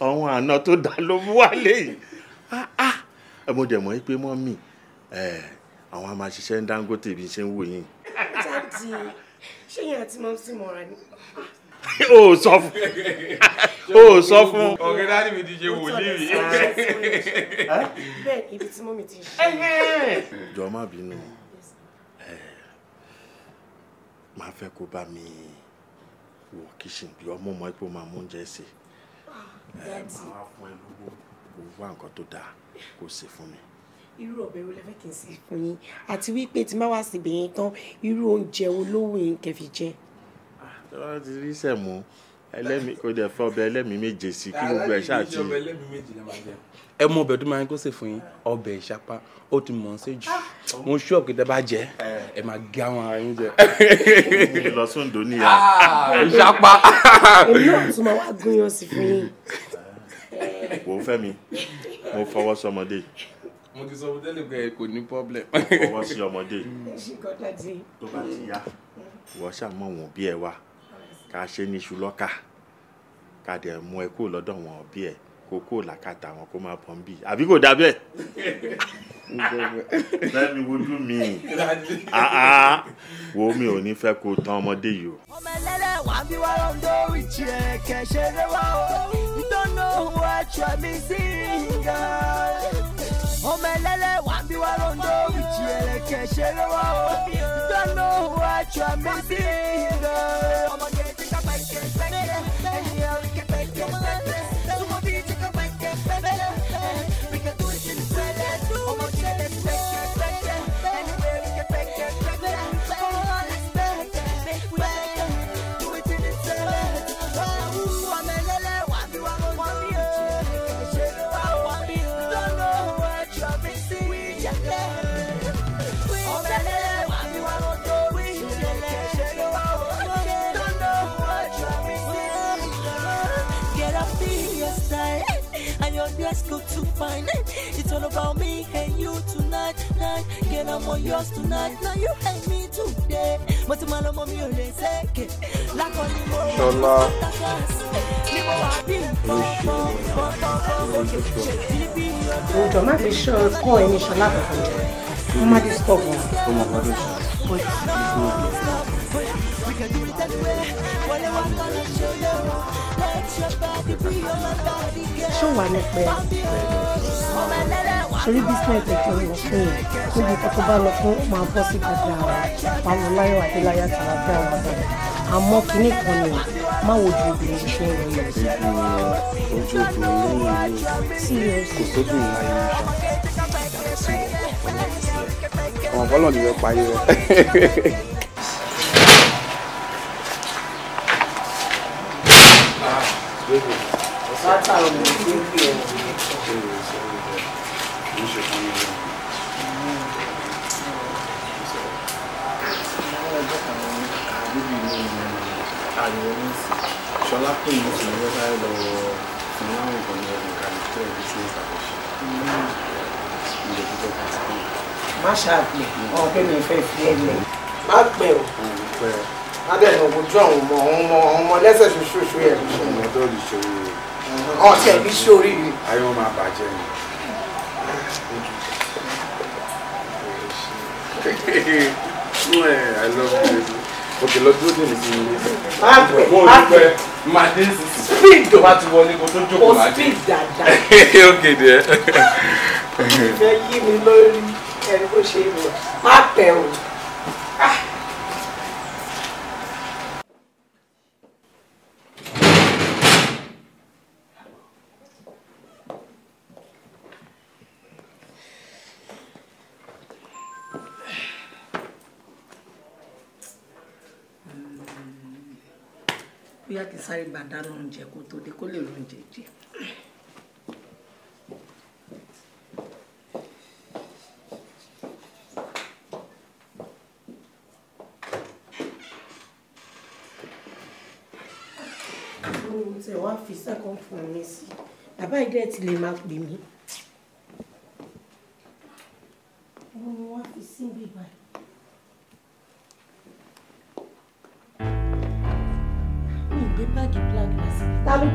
ọ̀hún àná tó dá ló mú wálé yìí ah, mo dẹ̀ mọ́ pé mọ́mì àwọn a máa ṣiṣẹ́ ń Dangote bí ṣe ń wò yín. jáde ṣé yẹn àti mọ́mísì mọ́ra ni. [laughs] o sọ fún o sọ fún. ọ̀gá dáàdì mi ti ṣe wòlíì. bẹ́ẹ̀ ibi tí mọ́mí ti ṣe. jọ má bínú máa fẹ́ kó bá mi wọ kíṣìn bí ọmọ ọmọ ipò máa mú oúnjẹ ṣe ah, máa fún ẹ lówó kó wá nǹkan tó dáa kó ṣe fún mi. irú ọbẹ̀ wo lẹ́fẹ̀ẹ́ kì í ṣe fún yín àti wípé tí má wá síbi yín tán irú oúnjẹ olówó yín kẹfì jẹ́ tó bá ti rí sẹ̀mú ẹlẹ́mìí kò dẹ̀ fẹ́ ọbẹ̀ ẹlẹ́mìí méje sí kí gbogbo ẹ̀ ṣáà ti. ẹ mú ọbẹ̀ tó máa ń kó sè fún yín ọbẹ̀ ìṣapá ó ti mọ̀ ọ́n sí jù mo ṣú ọ̀kẹ́ tẹ́ bá jẹ́ ẹ máa gé àwọn ara yín jẹ. ìlọsọ̀ndò nìyà. [laughs] ìṣapá. èmi náà tún máa wá gúnyán sí fún yín. wò ó fẹ́ mi mo fọwọ́ sọmọdé mo ti sọ fún tẹ́lẹ̀ kò ní problem. ọwọ́ sí ọmọdé tó bá ti ká ṣe ní iṣu lọ́kà ká dẹ̀ mú ẹ kúrò lọ́dọ̀ wọn òbí ẹ kó kó làkàtà wọn kó má bọ̀ ń àbí kò dà lẹ́nu wojú mi wo mi ò ní fẹ́ kó tán ọmọdé yìí o. ọmọ ẹlẹ́lẹ̀ wàá bí wàá rọ̀ ń dórí jẹ́ kẹ̀ṣẹ́ rẹ̀ wá o you don't know what you are missing ọmọ ẹlẹ́lẹ̀ wàá bí wàá rọ̀ ń dórí jẹ́ kẹ̀ṣẹ́ rẹ̀ wá o you don't know what you are missing girl. que te quiero, we can take que te quiero, let's go to find it. It's all about me and you tonight, night. Girl, I'm on yours tonight. Now you and me today. But tomorrow, mommy, you'll take it. Like on you, Shola. Ojọ má fi ṣọ́ kọ́ ẹni ṣọlá kankan jẹ, wọ́n má disturb ṣó wà ní pẹ́ sórí business ẹ̀jẹ̀ ń lọ fún yẹn níbi kókó bá lọ fún máa bọ́ sí gbogbo àwọn pàmò láyọ̀ àti láyà tàlàfẹ́ àwọn ọ̀dọ́ àmọ́ kínní kan ni má wo ju obìnrin ṣe ń rọ yẹn. ojú obìnrin lẹ́yìn ilé kò tóbi ìlà yìí ṣàkóso ọmọ bọ́lọ̀ ni wọ́n parí rẹ̀. látàrí òun tí ní wọ́n sáré lọ fún pẹ̀ o adẹ́nu ojú àwọn ọmọ àwọn ọmọ àwọn ọmọ lẹ́sẹ̀ ṣoṣooṣo yẹn fi ṣe. ọmọ tó lè ṣe oríire. ọtí ẹbí ṣe oríire. ayé wọn máa bàjẹ́ ni. I love you. Okay, lọ dúró dè mí sí ilé. Má pè má pè máa dé sísì. Speed o. Má ti wọlé kó tó jókòó máa O speed dáadáa. Okay there. Ìfẹ́ yí mi lórí ẹni bó ṣe wọ̀. Má pẹ̀ o. sáré gbà dáná oúnjẹ kó tó dé kó lè lóúnjẹ jẹ. ṣe wá fi second phone mi sí bàbá ìdẹ́ ti lè máa pè mí. mo wá fi síbi báyìí.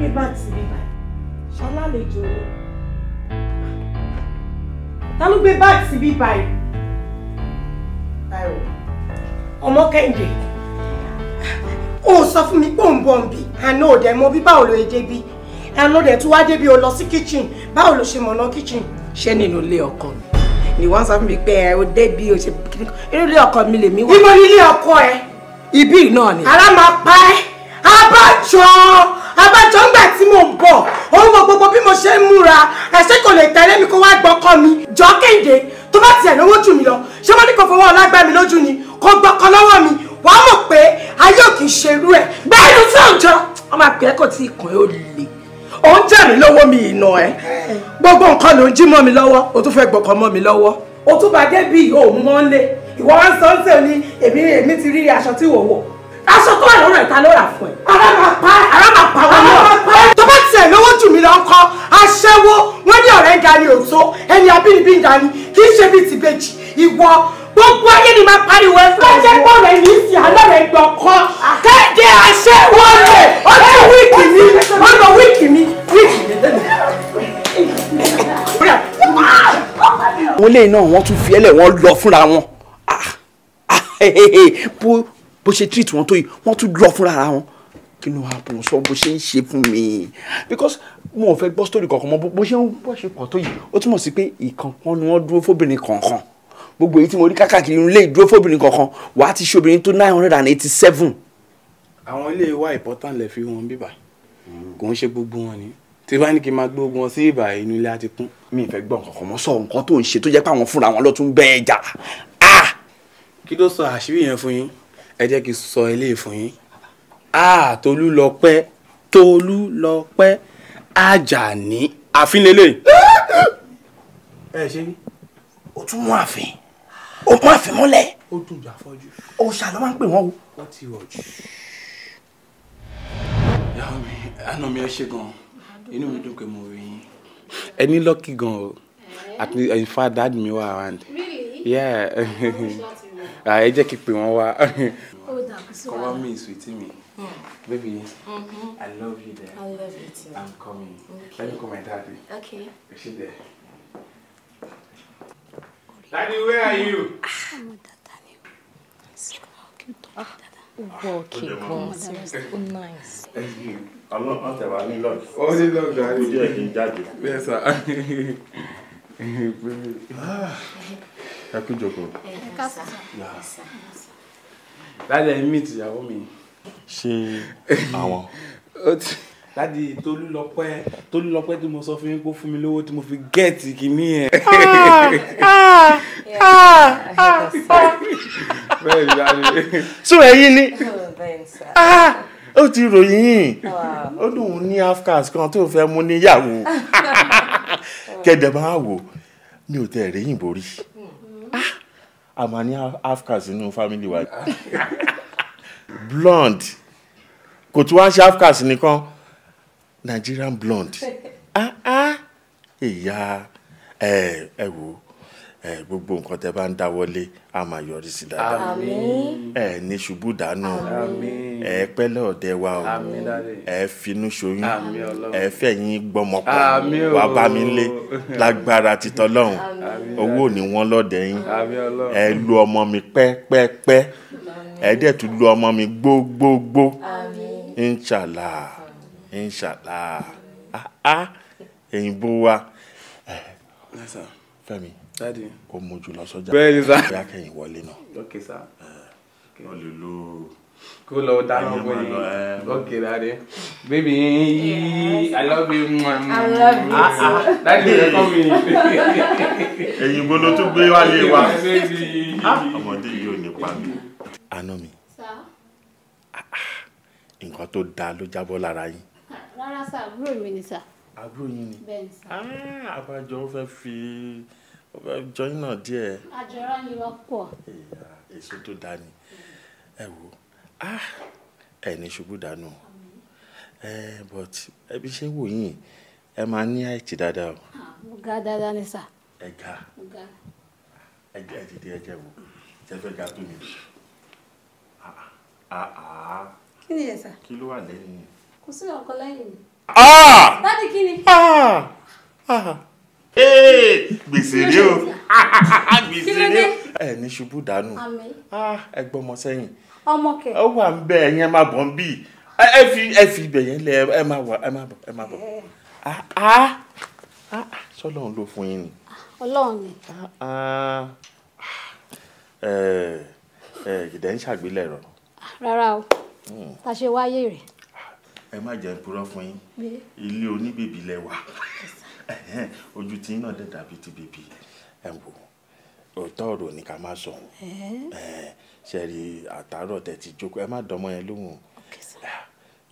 Be back to be back. ni ta ló gbé báàgì síbí báyìí Táíwò ọmọ Kẹ́hìndé ó sọ fún mi pé òun bọ̀ ń bì àná ò dẹ̀ mọ bí báwo ló yẹ débi àná ò dẹ̀ tún wá débi kitchen báwo ló ṣe mọ̀nà kitchen. ṣé nínú ilé ọkọ mi ni wọ́n sọ fún mi pé ẹ o débi o ṣe kíní inú ilé ọkọ mi lèmi wà. ibo ni ilé ọkọ ẹ. ibi náà ni. ara máa pa ẹ́ abájọ jọ ńgbà tí mò ń bọ̀ òun mọ gbogbo bí mo ṣe ń múra àṣẹ kò lè tẹ̀lé mi kó wá gbọ́kọ́ mi jọ kéde tó bá tiẹ̀ lówó jù mí lọ ṣé wọ́n ní kò fọwọ́ ọlágbá mi lójú ni kò gbọ́kọ́ lọ́wọ́ mi wàá mọ̀ pé ayé ò kì í ṣerú ẹ̀ gbẹ́rù tí òjọ́ ọmọ àgbẹ̀ kò tí ì kàn ó le ó ń jẹ lọ́wọ́ mi ìnà ẹ̀ gbogbo nǹkan ló ń jí mọ́ mi lọ́wọ́ o tún fẹ́ gbọ́kàn mọ́ mi lọ́wọ́ o tún bá dé bí òun mọ́ ń lé ìwọ wá ń sọ ń tẹ̀ ní èmi èmi ti rí aṣọ tí wò wò aṣọ tó wà lọ́rọ̀ ìta ló rà fún ẹ. ara máa pa ara máa àwọn náà tó bá tiẹ̀ lówó jù mí lọ aṣẹ́wó wọ́n ní ọ̀rẹ́ ń darí òótọ́ ẹni abínibí ń darí kì í ṣe bíi tìbejì ìwọ gbogbo ayé ni máa pariwo ẹfẹ ẹsẹ pọ rẹ ní ìsìn alẹ rẹ gbọ kéde aṣẹ́wó rẹ ọjọ́ wíìkì mi ọjọ́ wíìkì mi wíìkì mi wọn lẹ́yìn náà wọ́n tún fi ẹlẹ̀ wọ́n lọ fúnra wọn ah, ah, bó ṣe treat wọn tó yìí wọ́n tún lọ fúnra wọn kí ló happen sọ bó ṣe ń ṣe fún mi because mo ò fẹ́ gbọ́ story kankan mọ́ bó ṣe ń bọ́ ṣe pọ̀ tó yìí ó túmọ̀ sí pé ìkankan ni wọ́n dúró fóbìnrin kankan gbogbo èyí tí mo rí kákàkiri ilé ìdúró fóbìnrin kankan wà á ti ṣe obìnrin tó nine hundred and eighty seven. àwọn ilé wa important lè fi wọn bíbà kò ń ṣe gbogbo wọn ni tí bá ní kí n máa gbé ogun sí ìbà inú ilé á ti kún. mi ìfẹ́ gbọ́ nǹkan kan mọ́ sọ nǹkan tó ń ṣe tó jẹ́ pé àwọn fúnra wọn ló tún bẹ́ẹ̀ jà. Ah! kí ló sọ àṣírí yẹn fún yín ẹ jẹ́ kí n sọ eléyìí fún yín ah tolú lọ pẹ́ tolú lọ pẹ́ Àjàní àfin lélẹ̀. ẹ ṣe rí o tún mú àfin o mú àfin mọ́lẹ̀ ó tún jà fọ́jú o ṣàlọ́ máa ń pè wọ́n o. wọ́n ti rọ̀ jù. ìyàwó mi àná mi ẹ ṣe gan inú mi dùn pé mo rí yín. ẹ ní lọ́kì gan o at least in fact dad mi wà around. really? yeah. [laughs] Ah, ẹ jẹ́ kí n pè wọ́n wá. ó dà kó sí wàhálà. kọ́ wá mi ìsùn tí mi. Hmm. Baby, mm-hmm. I love you there. I love you too. I'm coming. Okay. Let me call my daddy. Okay. Is she there? Daddy, where are you? Walking, oh, nice. I'm not out of any love. Only love, daddy. Would you like in daddy? Yes, sir. Ẹ kú jókòó. Ẹ ká sá ṣé àwọn. dádì tolúlọpẹ́ tolúlọpẹ́ tí mo sọ fún yín kó fún mi lówó tí mo fi gẹẹtì kìíní ẹ. Ah, ah, ah, [laughs] bẹ́ẹ̀ ni dádì. sọ ẹ̀yin ni oh, ó ti ròyìn yìí ó lóun ní afghans kan tó fẹ́ mú níyàwó [laughs] kẹ̀dẹ̀ máa wò mi ò tẹ̀ rí yìnbó rí àmọ́ hmm. ní afghans nínú family wa. [laughs] blonde kò tún wá ṣe afcas nìkan Nigerian blonde [laughs] ah ah ìyá ẹ ẹ wò ó gbogbo nǹkan tẹ bá ń dáwọ́lé a máa yọrí sí dáadáa ẹ ní ṣubú dànù ẹ pẹ̀lẹ́ ọdẹ wa o ẹ finú ṣoyún ẹ fẹ̀yìn gbọmọpọ wàá bá mi lé [laughs] lágbára títọ lọhùn owó ni wọn lọdẹ yín ẹ lu ọmọ mi pẹ́pẹ́pẹ́ ẹ̀ẹ́dẹ̀ tún lu ọmọ mi gbogbogbò inṣàlá inṣàlá áá ah, ah, èyìnbó wa Fẹ́mi kò mójú lọ sọ́jà bóyá kẹyìn wọlé náà wọn lè lo kó lọ dáná bó yìí ókè dáadé bébí yìí i love you mọ dáadé rẹ kọ́ mi. èyìnbó ló tún gbé wálé wa ọmọdé yìí ò ní pa mí àná mi. Ah, ah, nǹkan tó dáa ló jábọ́ lára yín. rárá sá àbúrò mi ni sá. àbúrò yín ni. bẹ́ẹ̀ ni sá. àbájọ ah, ó fẹ́ fi ó fẹ́ jọyìn náà díẹ̀. àjọra ni wọ́n pọ̀. èso tó dáa ni ẹ wo ẹ ṣubú dànù but ẹbí ṣe wò yín ẹ máa ní àìtì dáadáa o. mo ga dáadáa ni sá. ẹ ga ẹ jẹ ẹ dìde ẹ jẹ wo jẹ fẹ ga tó mi. Ah ah. kí ni ẹ sà. kí ló wà lẹ́yìn mi. kò sí ọkọ lẹ́yìn mi. Ah! dáàdi kí ni. Ah, gbèsè ni o gbèsè ni o ẹ ní ṣubú dànù ah, ẹ gbọ́ ọmọ sẹ́yìn ọmọ kẹ ó wà ń bẹ ẹ̀yẹn má bọ̀ ń bì ẹ fi ẹ fi ibẹ̀ yẹn lẹ ẹ má wà ẹ má bọ̀ ẹ má bọ̀ eh. ah, sọlọ́run ló fún yín ni. ọlọ́run ni. ẹ ẹ ìdẹ́ ń ṣàgbélẹ̀rọ̀ rárá o hmm. ta ṣe wáyé rẹ̀. ẹ má jẹ́ purọ́ fún yín ilé oníbèbí lẹ wà ojú tí náà dẹ̀ dàbí ti bèbí ẹ wò òótọ́ ọ̀rọ̀ ni ká má sọ ṣe rí àtàárọ̀ tẹ̀ ti jókòó ẹ má dọmọ yẹn lóhùn ah,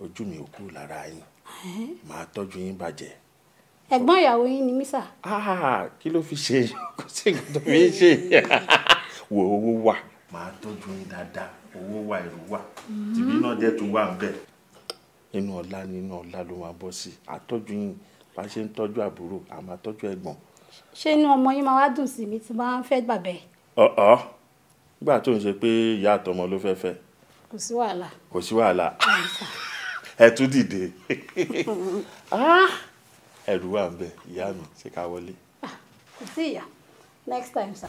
ojú mi ò kú lára yín màá tọ́jú yín bàjẹ́ ẹ̀gbọ́n ìyàwó yín ni mísà. Ah, kí ló fi ṣe kó sì gbọ́dọ̀ fi ṣe [laughs] wo owó màá tọ́jú yín dáadáa owó wà èrò wà tìbí náà jẹ́ tó wà bẹ́ẹ̀. inú ọ̀la nínú ọ̀la ló máa bọ́ sí àtọ́jú yín bá ṣe ń tọ́jú àbúrò a máa tọ́jú ẹ̀gbọ́n. ṣé inú ọmọ yín máa wá dùn sí mi tí bá ń fẹ́ bàbá ẹ̀. ọ̀ọ́ gbà tó ń ṣe pé ìyá àtọmọ ló fẹ́ fẹ́. kò sí wàhálà. kò sí wàhálà ẹ tún dìde [laughs] ah! ẹrù wà ń bẹ ìyá mi ṣe ká wọlé. Ah! kò sí ìyá next time sir.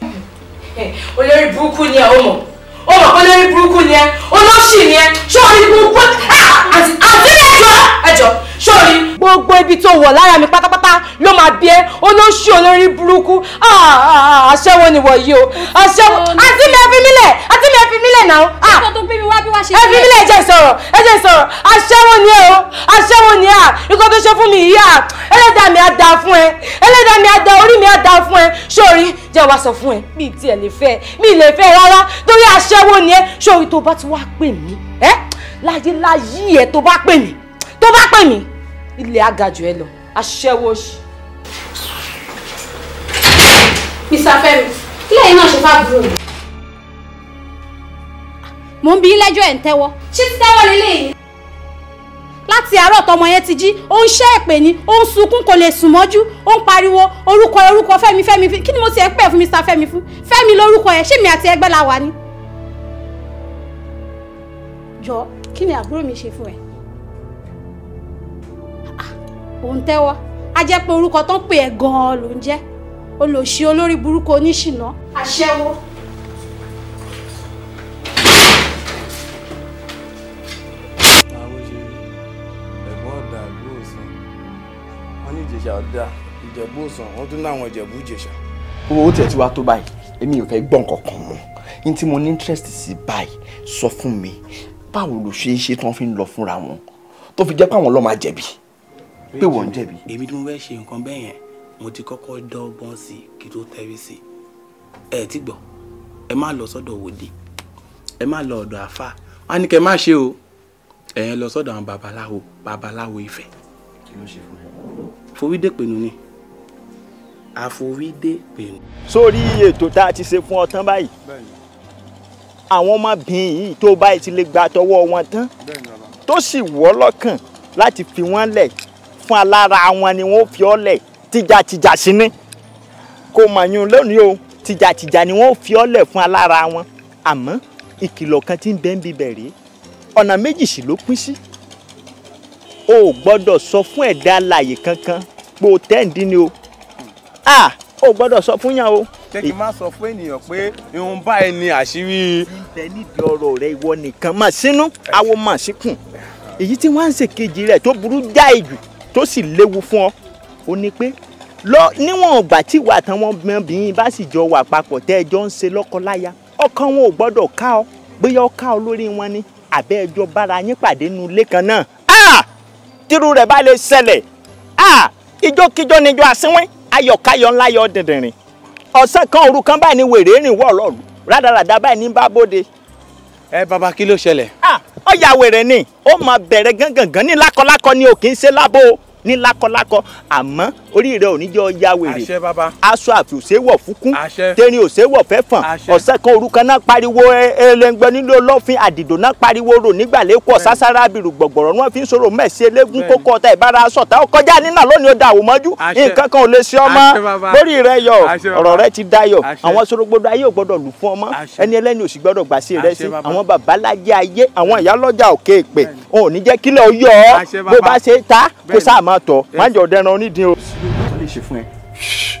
[laughs] olórí burúkú ni ẹ ó mọ̀ ó mọ̀ pé olórí burúkú ni ẹ olóṣì ni ẹ ṣọ́ọ̀rì gbogbo ah! àti àti ẹjọ́ ẹjọ́ ṣọ́ọ̀rì gbogbo ibi tó wọ̀ lára mi pátápátá ló máa bí ẹ́ olóṣù olórí burúkú ah, ah, ah, aṣẹ́wó ni wọ̀nyí o aṣẹ́wó àti mi ẹ fi mí àti mi ẹ fi mí náà. ẹ̀sọ́ tó bí mi wá bí wá ṣe sílẹ̀. ẹ fi mí lẹ̀ ẹ jẹ́ sọ̀rọ̀ ẹ jẹ́ sọ̀rọ̀ aṣẹ́wó ni ẹ o aṣẹ́wó ni à ikọ́ tó ṣe fún mi yìí à ẹlẹ́dàá mi á da fún ẹ ẹlẹ́dàá mi á da orí mi á da fún ẹ sórí jẹ́ wá sọ fún ẹ mi ì tiẹ̀ lè fẹ́ mi ì lè fẹ́ rárá torí aṣẹ́wó ni ẹ sórí tó bá ti wá pè mí ẹ láyé láyé ẹ tó bá pè mí tó bá pè mí ilẹ̀ agajù ẹ lọ aṣẹ́wó ṣì. mr femi kí lẹ́yìn náà ṣe fà dúró mi. mò ń bi lẹ́jọ́ ẹ̀ ń tẹ́wọ́. ṣé ti tẹ́wọ́ lélẹ́yìn. láti àárọ̀ tọmọ yẹn ti jí ó ń ṣẹ́ èpè ni ó ń sunkún kò lè sùn mọ́jú ó ń pariwo orúkọ orúkọ fẹ́mi fẹ́mi kí ni mo ti ẹ̀ pẹ́ fún mr fẹ́mi fún fẹ́mi lórúkọ ẹ̀ ṣé mi àti ẹgbẹ́ la wà ni. jọ kí ni àbúrò mi ṣe fún ẹ òun tẹ́wọ́ a jẹ́ pé orúkọ tó ń pè ẹ́ gan-an ló ń jẹ́ olòṣì olórí burúkú oníṣìná aṣẹ́wó. ìjẹ̀ṣà ọ̀dà ìjẹ̀bú òsàn wọ́n tún láwọn ìjẹ̀bú ìjẹ̀ṣà. owó tiẹ̀ ti wá tó báyìí èmi ò fẹ́ gbọ́ nǹkan kan mọ́ ní tí mo ní interest sí báyìí sọ fún mi báwo ló ṣe é ṣe tí wọ́n fi ń lọ fúnra wọn tó fi jẹ́ pé àwọn lọ́ọ́ máa pé wọ́n ń jẹ̀bi. èmi tí mo fẹ́ ṣe nǹkan bẹ́ẹ̀ yẹn mo ti kọ́kọ́ dọ́gbọ́n sí i kí tó tẹ́rí sí i ẹ ti gbọ́ ẹ má lọ sọ́dọ̀ wòde ẹ má lọ ọ̀dọ̀ àfa wọn á ní kẹ́ má ṣe o ẹ̀yẹn lọ sọ́dọ̀ àwọn babaláwo babaláwo Ifẹ̀. kí ló ṣe fún ẹ. forídé pinnu ni àforídé pinnu. sórí ètò tá a ti ṣe fún ọ tán báyìí àwọn ọmọbìnrin yìí tó báyìí ti lè gba tọwọ́ wọn tán tó sì wọ́ lọ́kàn láti fi wọ́n lẹ̀ fún alára wọn ni wọ́n fi ọ́ lẹ̀ tìjàtìjà sí ní kò mọ̀ yún lónìí o tìjàtìjà ni wọ́n fi ọ́ lẹ̀ fún alára wọn àmọ́ ìkìlọ̀ kan tí ń bẹ ń bibẹ̀ rèé ọ̀nà méjì sì ló pín sí o ò gbọ́dọ̀ sọ fún ẹ̀dá alàyè kankan pé o tẹ́ǹdín ni o a o ò gbọ́dọ̀ sọ fún yàn o. ṣé kí n má sọ fún ènìyàn pé ìhun báyìí ni àṣírí. ìbẹ̀ nídìí ọ̀rọ̀ rẹ ìwọ nìkan mà sínú awo mà síkùn èyí tí wọ́n ń ṣèkejì rẹ̀ tó burú jáì jù tó sì léwu fún ọ ò ní pé lọ níwọ̀n ìgbà tí ìwà àtàwọn ọmọbìnrin bá sì jọ wà papọ̀ tẹ́ ẹjọ́ ń ṣe lọ́kọ-láya ọkàn wọn ò gbọ́dọ̀ ká ọ bóyá ọ ká ọ lórí wọn ni àbẹ́ ẹjọ́ bára yín pàdé nu ilé kan náà ah tírú rẹ̀ bá lè ṣẹlẹ̀ ah ìjọ́kíjọ́ níjọ́ àsínwín ayọ̀káyọ̀ ńlá yọ dìndìnrín ọ̀sán kan òru kan báyìí ni wèrè rìn wọ̀ lọ́rùú rádaràdà báyìí ní bá ẹ bàbá kí ló ṣẹlẹ̀. Ah, ọ̀yà wèrè ni ó máa bẹ̀rẹ̀ gangan ní lákọlákọ ni ò kì í ṣe lábọ́ ní lákọlákọ àmọ́ orí rẹ ò ní jọ ya wèrè aṣọ àfi òṣèwọ̀ fúnkún tẹrin òṣèwọ̀ fẹ́ fàn ọ̀sẹ̀ kan orúkọ náà pariwo ẹlẹ́ngbẹ́ nílò lọ́fin àdìdò náà pariwo rò nígbàlẹ́kọ̀ sására abirù gbọ̀gbọ̀rọ̀ náà fi ń sọ̀rọ̀ mẹ́sì elégún kókó ọ̀tá ìbára sọ̀tá ó kọjá nínà lónìí ó da àwòmọ́jú nǹkan kan ò lè ṣe ọmọ lórí rẹ yọ ọ̀rọ̀ rẹ ti dayọ̀ àwọn sorogbodo ayé ò gbọ́dọ̀ lù fún ọmọ ẹni ẹlẹ́ni òsì gbọ́dọ̀ gbà sí rẹ sí àwọn babalájẹ ayé àwọn ìyálọ́jà òkè èpè òun ò ní jẹ́ kílẹ̀ ó yọ bó bá ṣe ta kó sáà m má tọ má jọ dẹran onídìí o. o lè ṣe fún ẹ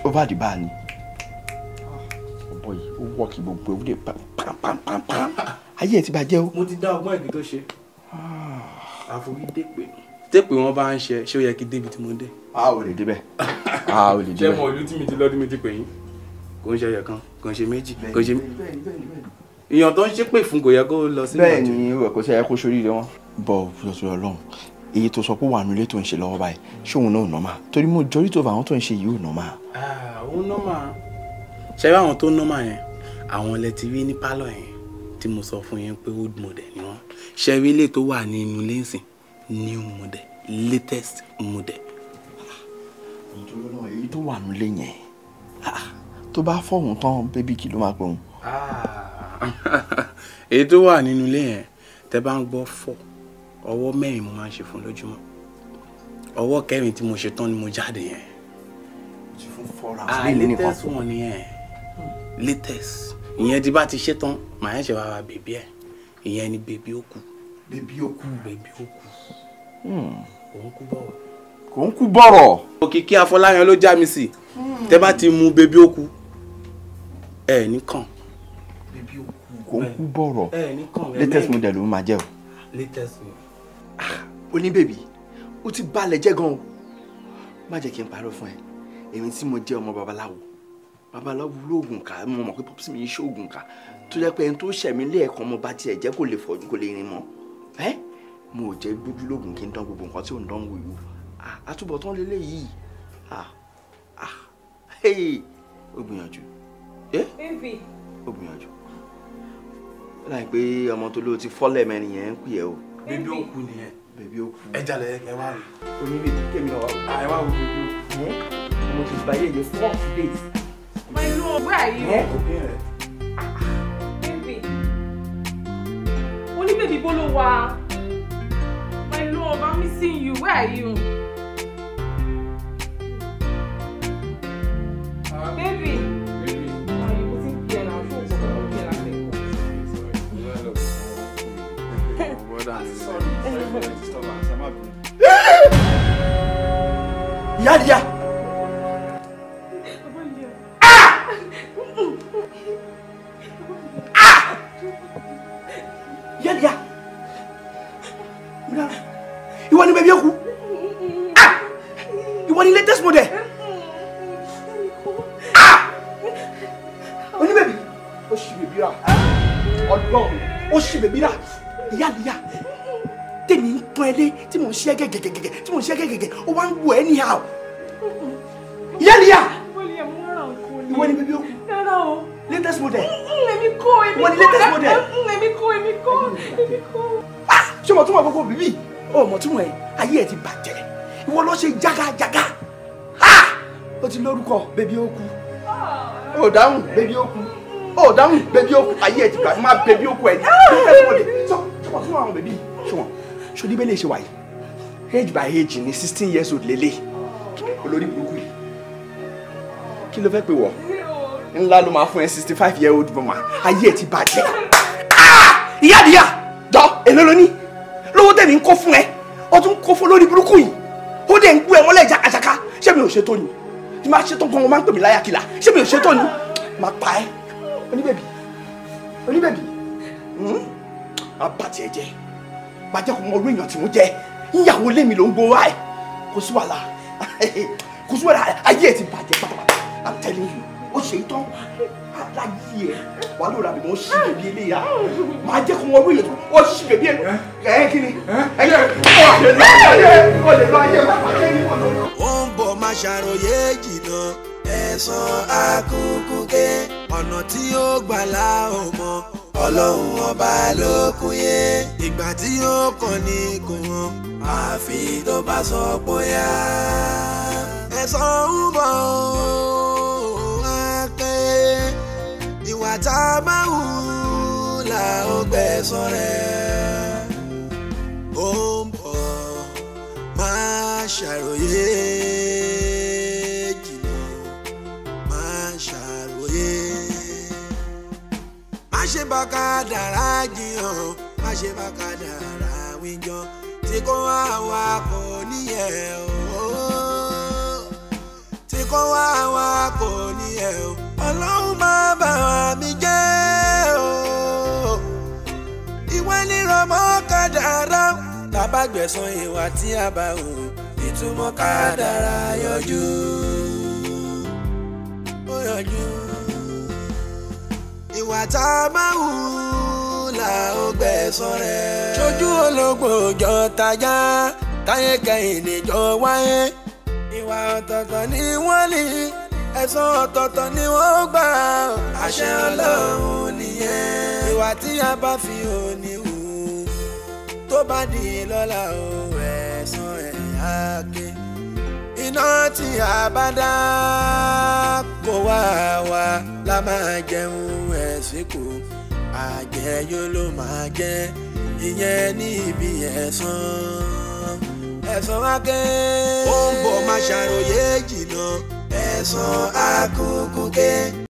ó bá dìbà ni ah. ọbọ yìí ó wọ kí gbogbo ewúrẹ́ pàmpàmpàmpàm ayé ẹ ti bàjẹ́ o. mo ti dá ọgbọ́n ìgbín tó ṣe ah. àforídé pè mí tẹ́pẹ́ wọn bá ń ṣe ṣé ó yẹ kí débi tí mo dé. a ò lè débẹ̀ a ò lè débẹ̀. jẹ́mọ̀ ìlú tí mi ti lọ́dún mi ti pè yín kò ń ṣe ẹyọ kan kò ń ṣe méjì kò ń ṣe èèyàn tó ń ṣépè fún kò yẹ kó lọ sínú àjò. bẹ́ẹ̀ni kò sí ẹyẹ kó sórí rẹ wọn. bọ òfin ọsùn Ọlọ́run èyí tó sọ pé wà nílé tó ń ṣe lọ́wọ́ báyìí ṣé òun náà nọ́mà torí mo jọrí tó fà àwọn tó ń ṣe yìí ò nọ́mà. òun nọ́mà ṣe bí àwọn tó nọ́mà yẹn àwọn lẹ ti rí ní pálọ̀ yẹn tí mo sọ fún yẹn pé old model ni wọ́n ṣe rí ilé tó wà ní inú lẹ́sìn new model latest model. ìjọba náà èyí tó wà nílé yẹn ah, tó bá fọ̀hún tán bébí kí ló máa pẹ́ òun. Ah, [laughs] èyí tó wà nínú ilé yẹn tẹ bá ń gbọ́ fọ́ọ̀ ọwọ́ mẹ́rin mo máa ń ṣe fún lójúmọ́ ọwọ́ kẹrin tí mo ṣe tán ni mo jáde yẹn. ah latest one nìyẹn hmm. latest ìyẹn tí bá ti ṣe tán màá yẹn ṣe wá wa bèbí ẹ ìyẹn ni bèbí ó kù. bèbí ó kù. bèbí ó kù. Hmm. kò ń kú bọ̀rọ̀. kò ń kú bọ̀rọ̀. òkìkí afọláyan ló já mi sí hmm. tẹ bá ti mu bèbí ó kù ẹ nìkan. bèbí ó kù. kò ń kú bọ̀rọ̀ latest model ló máa jẹ́ o. latest model. Ah, oníbèbí ó ti balẹ̀ jẹ́ gan o má jẹ́ kí n parọ́ fún ẹ èmi tí mo jẹ́ ọmọ babaláwo babaláwo lóògùn ká mo mọ̀ pé pọ́pọ́sì mi ń ṣoògùn ká tó jẹ́ pé ẹni tó ṣẹ̀mí lẹ́ẹ̀kan mo bá tiẹ̀ jẹ́ kó lè fọ́ kó lè rin mọ́ ẹ́ mo ò jẹ́ gbójú lóògùn kí n dán gbogbo nǹkan tí ò ń dán wò yìí ah, àtúbọ̀tán lélẹ̀ yìí ah, ó gbìyànjú ó gbìyànjú láì pé ọmọ tó ló ti fọ́lẹ̀ mẹ́rin yẹn ń pè ẹ́ o bébí òkú nìyẹn bébí òkú ẹja lẹ ẹ wá rí. onílé kèmí náà ẹ wá wo bébí òkú mo ti gba yẹyẹ four days. my lord where are you. ẹ òkè rẹ. bébì oníbèbí bó ló wà my lord i'm missing you where are you. Uh, baby. ìyá ìyá. ìyá ìyá. ìwọ ni bẹbí ẹ kú. ṣe gẹ́gẹ́gẹ́gẹ́ tí mo ṣe gẹ́gẹ́gẹ́ ó wá ń wù ẹ́ níhà o. ìyá nìyà. ìwọ ni bíbí o. rárá o. latest model. èmi kọ́ èmi kọ́ ìwọ ni latest model. èmi kọ́ èmi kọ́ èmi kọ́. ṣé mo tún wà gbogbo bíbí o mọ̀ tún wọ̀ ẹ́ ayé ẹ̀ ti bàjẹ́ ìwọ ló ṣe jágàjágà ó ah! ti lórúkọ bébí ó kú ó dáhùn bébí ó kú ó dáhùn bébí ó kú ayé ẹ̀ ti bàjẹ́ má bébí ó kú ẹ̀ ní ah! latest model sọ ṣé mo tún wà àwọn bébí ṣùgbọ́n ṣòdí bẹ́ẹ̀ lè ṣe wáyé age by age ni sixteen years old lele. olórí burúkú yìí kí ló fẹ́ pè wọ́ ńlá ló máa fún ẹ sixty five year old mama. ayé ẹ ti bàjẹ́ ah! ìyá àdìyà jọ èlò lóní lówó tẹ̀mí ń kó fún ẹ ó tún kó fún lórí burúkú yìí ó dẹ̀ ń gbú ẹ mọ́lẹ̀ jàkàjàkà ṣé mi ò ṣètò ni bí máa ṣètò gan-an máa ń pè mí láyà kìlà ṣé mi ò ṣètò ni máa pa ẹ oníbẹ̀bì oníbẹ̀bì àbàtì hmm? ẹ bàjẹ́ kò mọ olú èèyàn tì mú jẹ níyàwó lèmi ló ń gbowó ẹ kò sí wàhálà kò sí wàhálà ayé ẹ ti bàjẹ́ pátápátá i'm telling you ó ṣe é tán aláyé ẹ wà ló ra bìbọn ṣí bèbí eléyà máa jẹ́ kó wọn wíyẹ tó ó ṣí bèbí ẹ ẹ kí ni ẹ yẹ ọ lè lọ ayé ọ lè lọ ayé ọ lè lọ ayé. ó ń bọ̀ máa ṣàròyé jìnnà ẹ̀sán akúkú ké ọ̀nà tí ó gbà la ò mọ̀ ọlọ́run ọba ló kún yé. ìgbà tí ó kàn ní kò wọ́n. àfi tó bá sọ bóyá. ẹ̀sán ń bọ̀ wá pé ìwà tá a máa hù là ó gbẹ̀sán rẹ̀. ó ń bọ̀ máa ṣàròyé. ṣe bá kádàrá jiyàn má ṣe bá kádàrá wíjọ tí kò wá wá kò níyẹ̀ o tí kò wá wá kò níyẹ̀ o ọlọ́run má bà wá mi jẹ́ o ìwé nírọ̀mọ́ kádàrá tàbá gbẹ̀sán ìwà tí a bá wò ìtumọ̀ kádàrá yọjú ó yọjú ìwà tá a máa hù là ó gbẹ̀sán rẹ̀. ṣojú ológbò jọ tajá táyé kẹ́yìn níjọ wáyé. ìwà ọ̀tọ̀ọ̀tọ̀ ni wọ́n ní ẹ̀san ọ̀tọ̀ọ̀tọ̀ ni wọ́n gbà. àṣẹ ọlọ́run nìyẹn. ìwà tí a bá fi òní hù tó bá di lọ́la ò ẹ̀san ẹ̀ ké iná tí a bá wá wá la máa jẹun ẹ̀sìn kù àjẹyó ló máa jẹ ìyẹn níbi ẹ̀san ẹ̀san akẹ́. ó ń bọ̀ máa ṣàròyé jìnnà ẹ̀san akókókè.